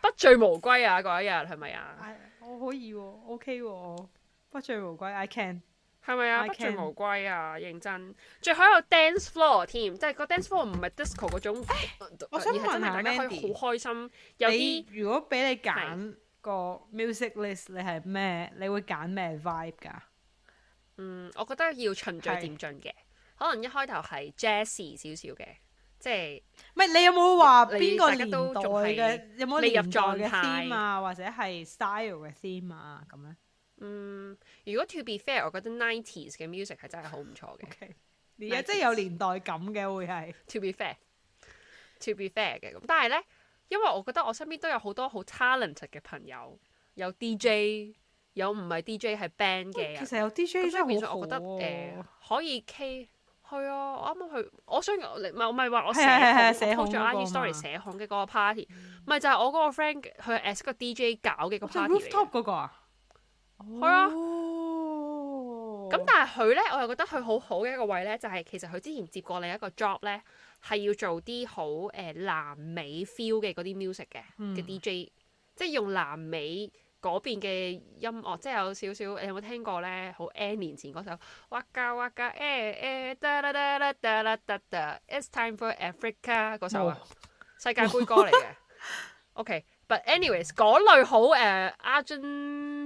不醉無歸啊嗰一日係咪啊？我可以喎，OK 喎，不醉無歸，I can。係咪啊？I can. 不醉無歸啊！認真，最好有 dance floor 添，即係個 dance floor 唔係 disco 嗰種，而係咦真係大家可以好開心。咦有啲些如果俾你揀個 music list，是你係咩？你會揀咩 vibe 噶？嗯，我覺得要循序漸進嘅，是可能一開頭係 jazz 少少嘅，即係唔係你有冇話邊個年代嘅？有冇年代嘅 theme 啊，或者係 style 嘅 theme 啊咁樣？嗯，如果 to be fair，我覺得 nineties 嘅 music 係真係好唔錯嘅，即係有年代感嘅會係。to be fair，to be fair 嘅，但係呢，因為我覺得我身邊都有好多好 talented 嘅朋友，有 DJ，有唔係 DJ 係 band 嘅。其實有 DJ 真係好酷喎。誒，可以 K，係啊，我啱啱去，我想唔係係唔話我寫好似 post story 寫控嘅嗰個 party，唔係就係我嗰個 friend 去 as 個 DJ 搞嘅個 party 啊？係啊，咁但係佢咧，我又覺得佢好好嘅一個位咧，就係其實佢之前接過另一個 job 咧，係要做啲好誒南美 feel 嘅嗰啲 music 嘅嘅 DJ，即係用南美嗰邊嘅音樂，即係有少少你有冇聽過咧？好 N 年前嗰首哇卡哇卡，誒誒，噠啦噠啦噠啦噠噠，It's time for Africa 嗰首啊，世界杯歌嚟嘅。O.K. But anyways，嗰類好誒、uh,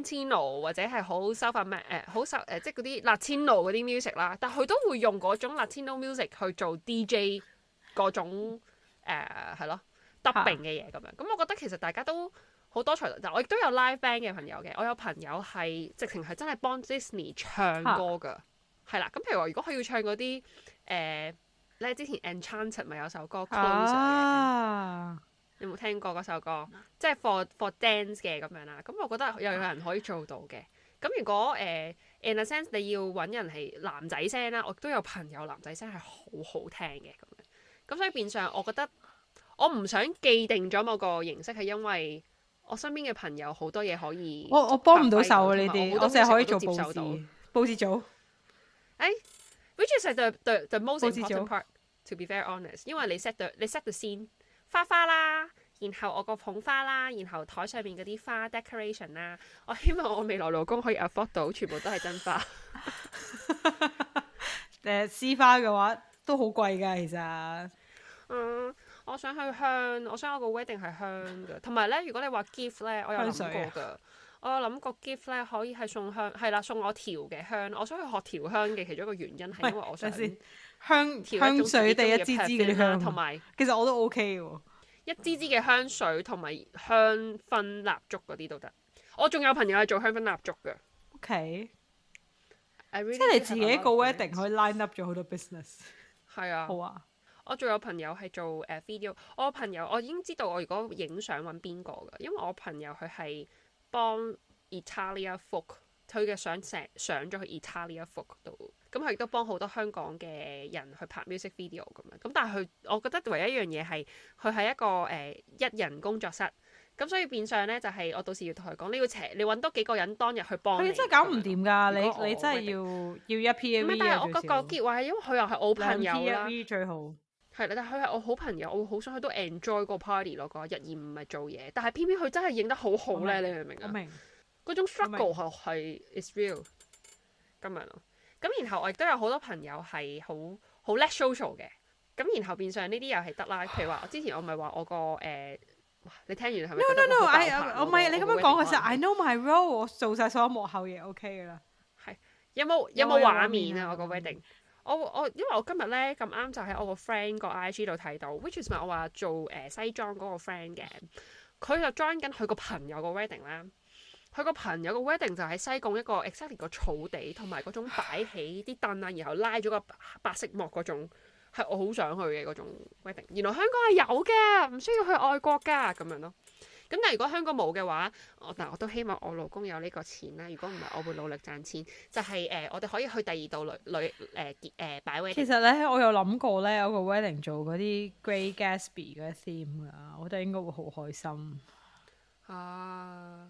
Argentino 或者係好、uh, uh, soft 翻咩誒好收誒，即係嗰啲拉丁奴嗰啲 music 啦。但佢都會用嗰種 latino music 去做 DJ 嗰種誒係、uh, 咯，得病嘅嘢咁樣。咁、啊嗯、我覺得其實大家都好多才，但係我亦都有 live band 嘅朋友嘅。我有朋友係直情係真係幫 Disney 唱歌㗎，係啦、啊。咁譬哄、嗯、如話，如果佢要唱嗰啲誒咧，之前 Enchanted 咪有首歌 Close、啊有冇聽過嗰首歌，即係 for for dance 嘅咁樣啦？咁我覺得又有人可以做到嘅。咁如果誒，in a sense 你要揾人係男仔聲啦，我亦都有朋友男仔聲係好好聽嘅咁樣。咁所以變相我覺得我唔想既定咗某個形式，係因為我身邊嘅朋友好多嘢可以。我我幫唔到手啊呢啲，我只係可以做報紙組。誒，which is the the the most important part to be very honest，因為你 set the 你 set the scene。花花啦，然後我個捧花啦，然後台上面嗰啲花 decoration 啦， 我希望我未來老公可以 afford 到，全部都係真花。誒，絲花嘅話都好貴噶，其實。嗯，我想去香，我想我個 wedding 係香嘅，同埋咧，如果你話 gift 咧，我有諗過噶。啊、我有諗過 gift 咧可以係送香，係啦，送我調嘅香。我想去學調香嘅其中一個原因係因為我想先。香香水地一支支嘅香，同埋有其實我都 OK 嘅喎。一支支嘅香水同埋香薰、蠟燭嗰啲都得。我仲有朋友係做香薰、蠟燭嘅。O Okay . K，I really 即係你自己一個 wedding 可以 line up 咗好多 business。係啊， 好啊。我仲有朋友係做誒、uh, video。我朋友，我已經知道我如果影相揾邊個嘅，因為我朋友佢係幫 Italia Foc。佢嘅相成日上咗去 Italia 呢一幅度，咁佢亦都幫好多香港嘅人去拍 music video 咁樣，咁但係佢，我覺得唯一一樣嘢係佢係一個誒一人工作室，咁所以變相咧就係我到時要同佢講，你要請你揾多幾個人當日去幫你，真係搞唔掂㗎！你你真係要要一 P M 但係我個糾結話係因為佢又係我朋友啦，P 最好係啦，但佢係我好朋友，我好想去都 enjoy 個 party 咯，個日而唔係做嘢，但係偏偏佢真係影得好好咧，你明唔明啊？明。嗰種 struggle 係係，is real 今日咯。咁然後我亦都有好多朋友係好好 less social 嘅。咁然後變相呢啲又係得啦。譬如話，之前我咪話我個誒，你聽完係咪？No no no，我唔係你咁樣講嘅時候，I know my role，我做晒所有幕後嘢 OK 噶啦。係有冇有冇畫面啊？我個 wedding，我我因為我今日咧咁啱就喺我個 friend 個 IG 度睇到，which is 咪我話做誒西裝嗰個 friend 嘅，佢就 join 緊佢個朋友個 wedding 啦。佢個朋友個 wedding 就喺西貢一個 exactly 一個草地，同埋嗰種擺起啲凳啊，然後拉咗個白色幕嗰種，係我好想去嘅嗰種 wedding。原來香港係有嘅，唔需要去外國噶咁樣咯。咁但係如果香港冇嘅話，我但我都希望我老公有呢個錢啦。如果唔係，我會努力賺錢。就係、是、誒、呃，我哋可以去第二度旅旅誒、呃、結、呃、擺 wedding。其實咧，我有諗過咧，有個 wedding 做嗰啲 Great Gatsby 嗰啲 theme 噶，我覺得應該會好開心啊！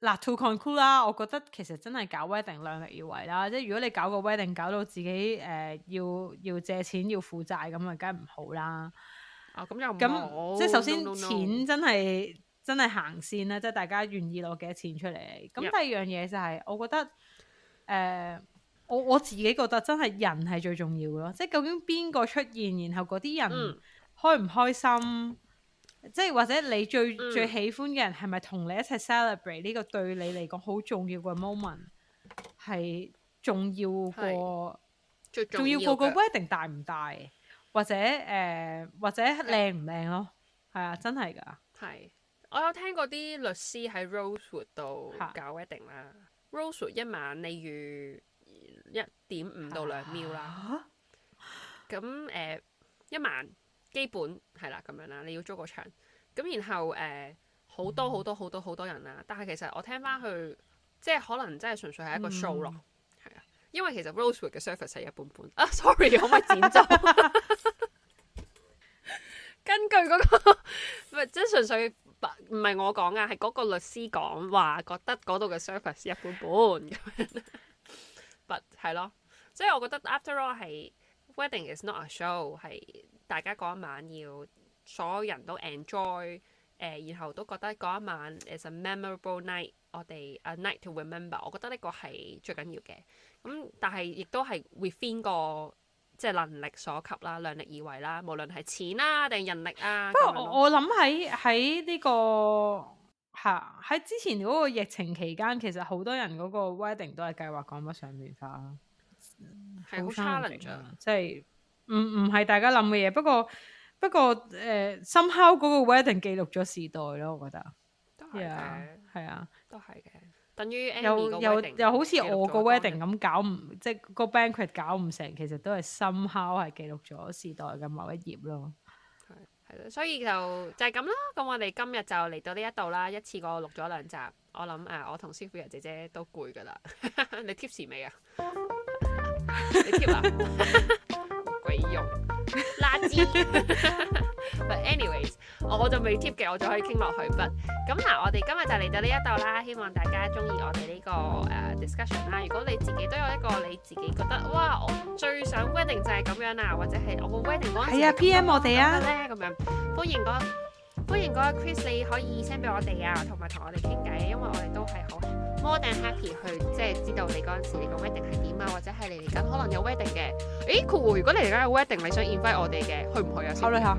嗱，to conclude 啦，我覺得其實真係搞 wedding 量力而為啦，即係如果你搞個 wedding 搞到自己誒、呃、要要借錢要負債咁啊，梗係唔好啦。咁又咁，即係首先 no, no, no. 錢真係真係行先啦，即係大家願意攞幾多錢出嚟。咁第二樣嘢就係、是，Yeah. 我覺得誒、呃，我我自己覺得真係人係最重要嘅咯，即係究竟邊個出現，然後嗰啲人開唔開心？嗯即係或者你最、嗯、最喜歡嘅人係咪同你一齊 celebrate 呢個對你嚟講好重要嘅 moment 係重要過，最重要，重要過個個 wedding 大唔大，或者誒、呃、或者靚唔靚咯？係啊的，真係㗎。係我有聽過啲律師喺 Rosewood 度搞 wedding 啦、啊、Rosewood 一晚例如一點五到兩 million 啦，咁誒、啊啊呃、一晚。基本係啦，咁樣啦，你要租個場，咁然後誒好、呃、多好多好多好多人啦，嗯、但係其實我聽翻去，即係可能真係純粹係一個 show 咯、嗯，係啊，因為其實 Rosewood 嘅、啊、service 係一般般啊，sorry 可唔可以剪走？ 根據嗰、嗰個唔係即係純粹唔係我講啊，係嗰個律師講話覺得嗰度嘅 service 一般般咁樣，but 係咯，所以我覺得 after all 係。Wedding is not a show，係大家嗰一晚要所有人都 enjoy，誒、呃、然後都覺得嗰一晚 is a memorable night，我哋 a night to remember。我覺得呢個係最緊要嘅，咁、嗯、但係亦都係 within 個即係能力所及啦、量力而為啦，無論係錢啦、啊、定人力啊。不過我我諗喺喺呢個嚇喺之前嗰個疫情期間，其實好多人嗰個 wedding 都係計劃趕不上變化。係好 challenge 啊，即係唔唔係大家諗嘅嘢，不過不過誒，深烤嗰個 wedding 記錄咗時代咯，我覺得都係嘅，係啊 Yeah,，都係嘅，等於又又又好似我個 wedding 咁搞唔，即係個 banquet 搞唔成，其實都係深烤係記錄咗時代嘅某一頁咯。係係所以就就係咁咯。咁我哋今日就嚟到呢一度啦，一次過錄咗兩集。我諗誒、啊，我同 Sylvia 姐姐都攰噶啦。 你 tips 未啊？你 tip 啊？ 鬼用，垃圾。 But anyways，我就未 tip 嘅，我就可以傾落去。不，咁、啊、嗱，我哋今日就嚟到呢一度啦。希望大家中意我哋呢、這個誒、uh, discussion 啦。如果你自己都有一個你自己覺得哇，我最想 wedding 就係咁樣啊，或者係我冇 wedding want 係啊樣 PM 我哋啊咧咁樣。歡迎嗰歡迎嗰個 Chris 你可以 send 俾我哋啊，同埋同我哋傾偈，因為我哋都係好。more than happy 去即係知道你嗰陣時你個 wedding 係點啊？或者係你嚟緊，可能有 wedding 嘅，誒 cool 如果你而家有 wedding，你想 invite 我哋嘅，去唔去啊？考慮下，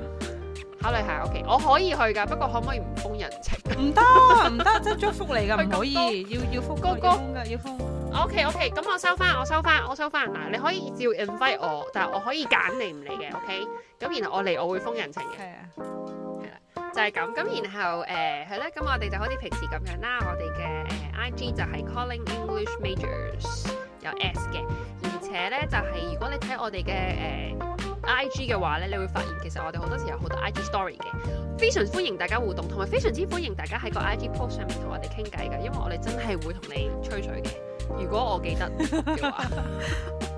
考慮下。O、okay、K，我可以去噶，不過可唔可以唔封人情？唔 得，唔得，即係祝福你噶，唔 可以，高高要要，福高高要封。哥哥要封。O K O K，咁我收翻，我收翻，我收翻。嗱，你可以照 invite 我，但係我可以揀你唔嚟嘅。O K，咁然後我嚟，我會封人情嘅。係啊。係啦，就係、是、咁。咁然後誒係啦，咁、呃、我哋就好似平時咁樣啦，我哋嘅。I G 就係 Calling English Majors 有 S 嘅，而且咧就係如果你睇我哋嘅誒 I G 嘅話咧，你會發現其實我哋好多時有好多 I G story 嘅，非常歡迎大家互動，同埋非常之歡迎大家喺個 I G post 上面同我哋傾偈㗎，因為我哋真係會同你吹水嘅，如果我記得嘅話。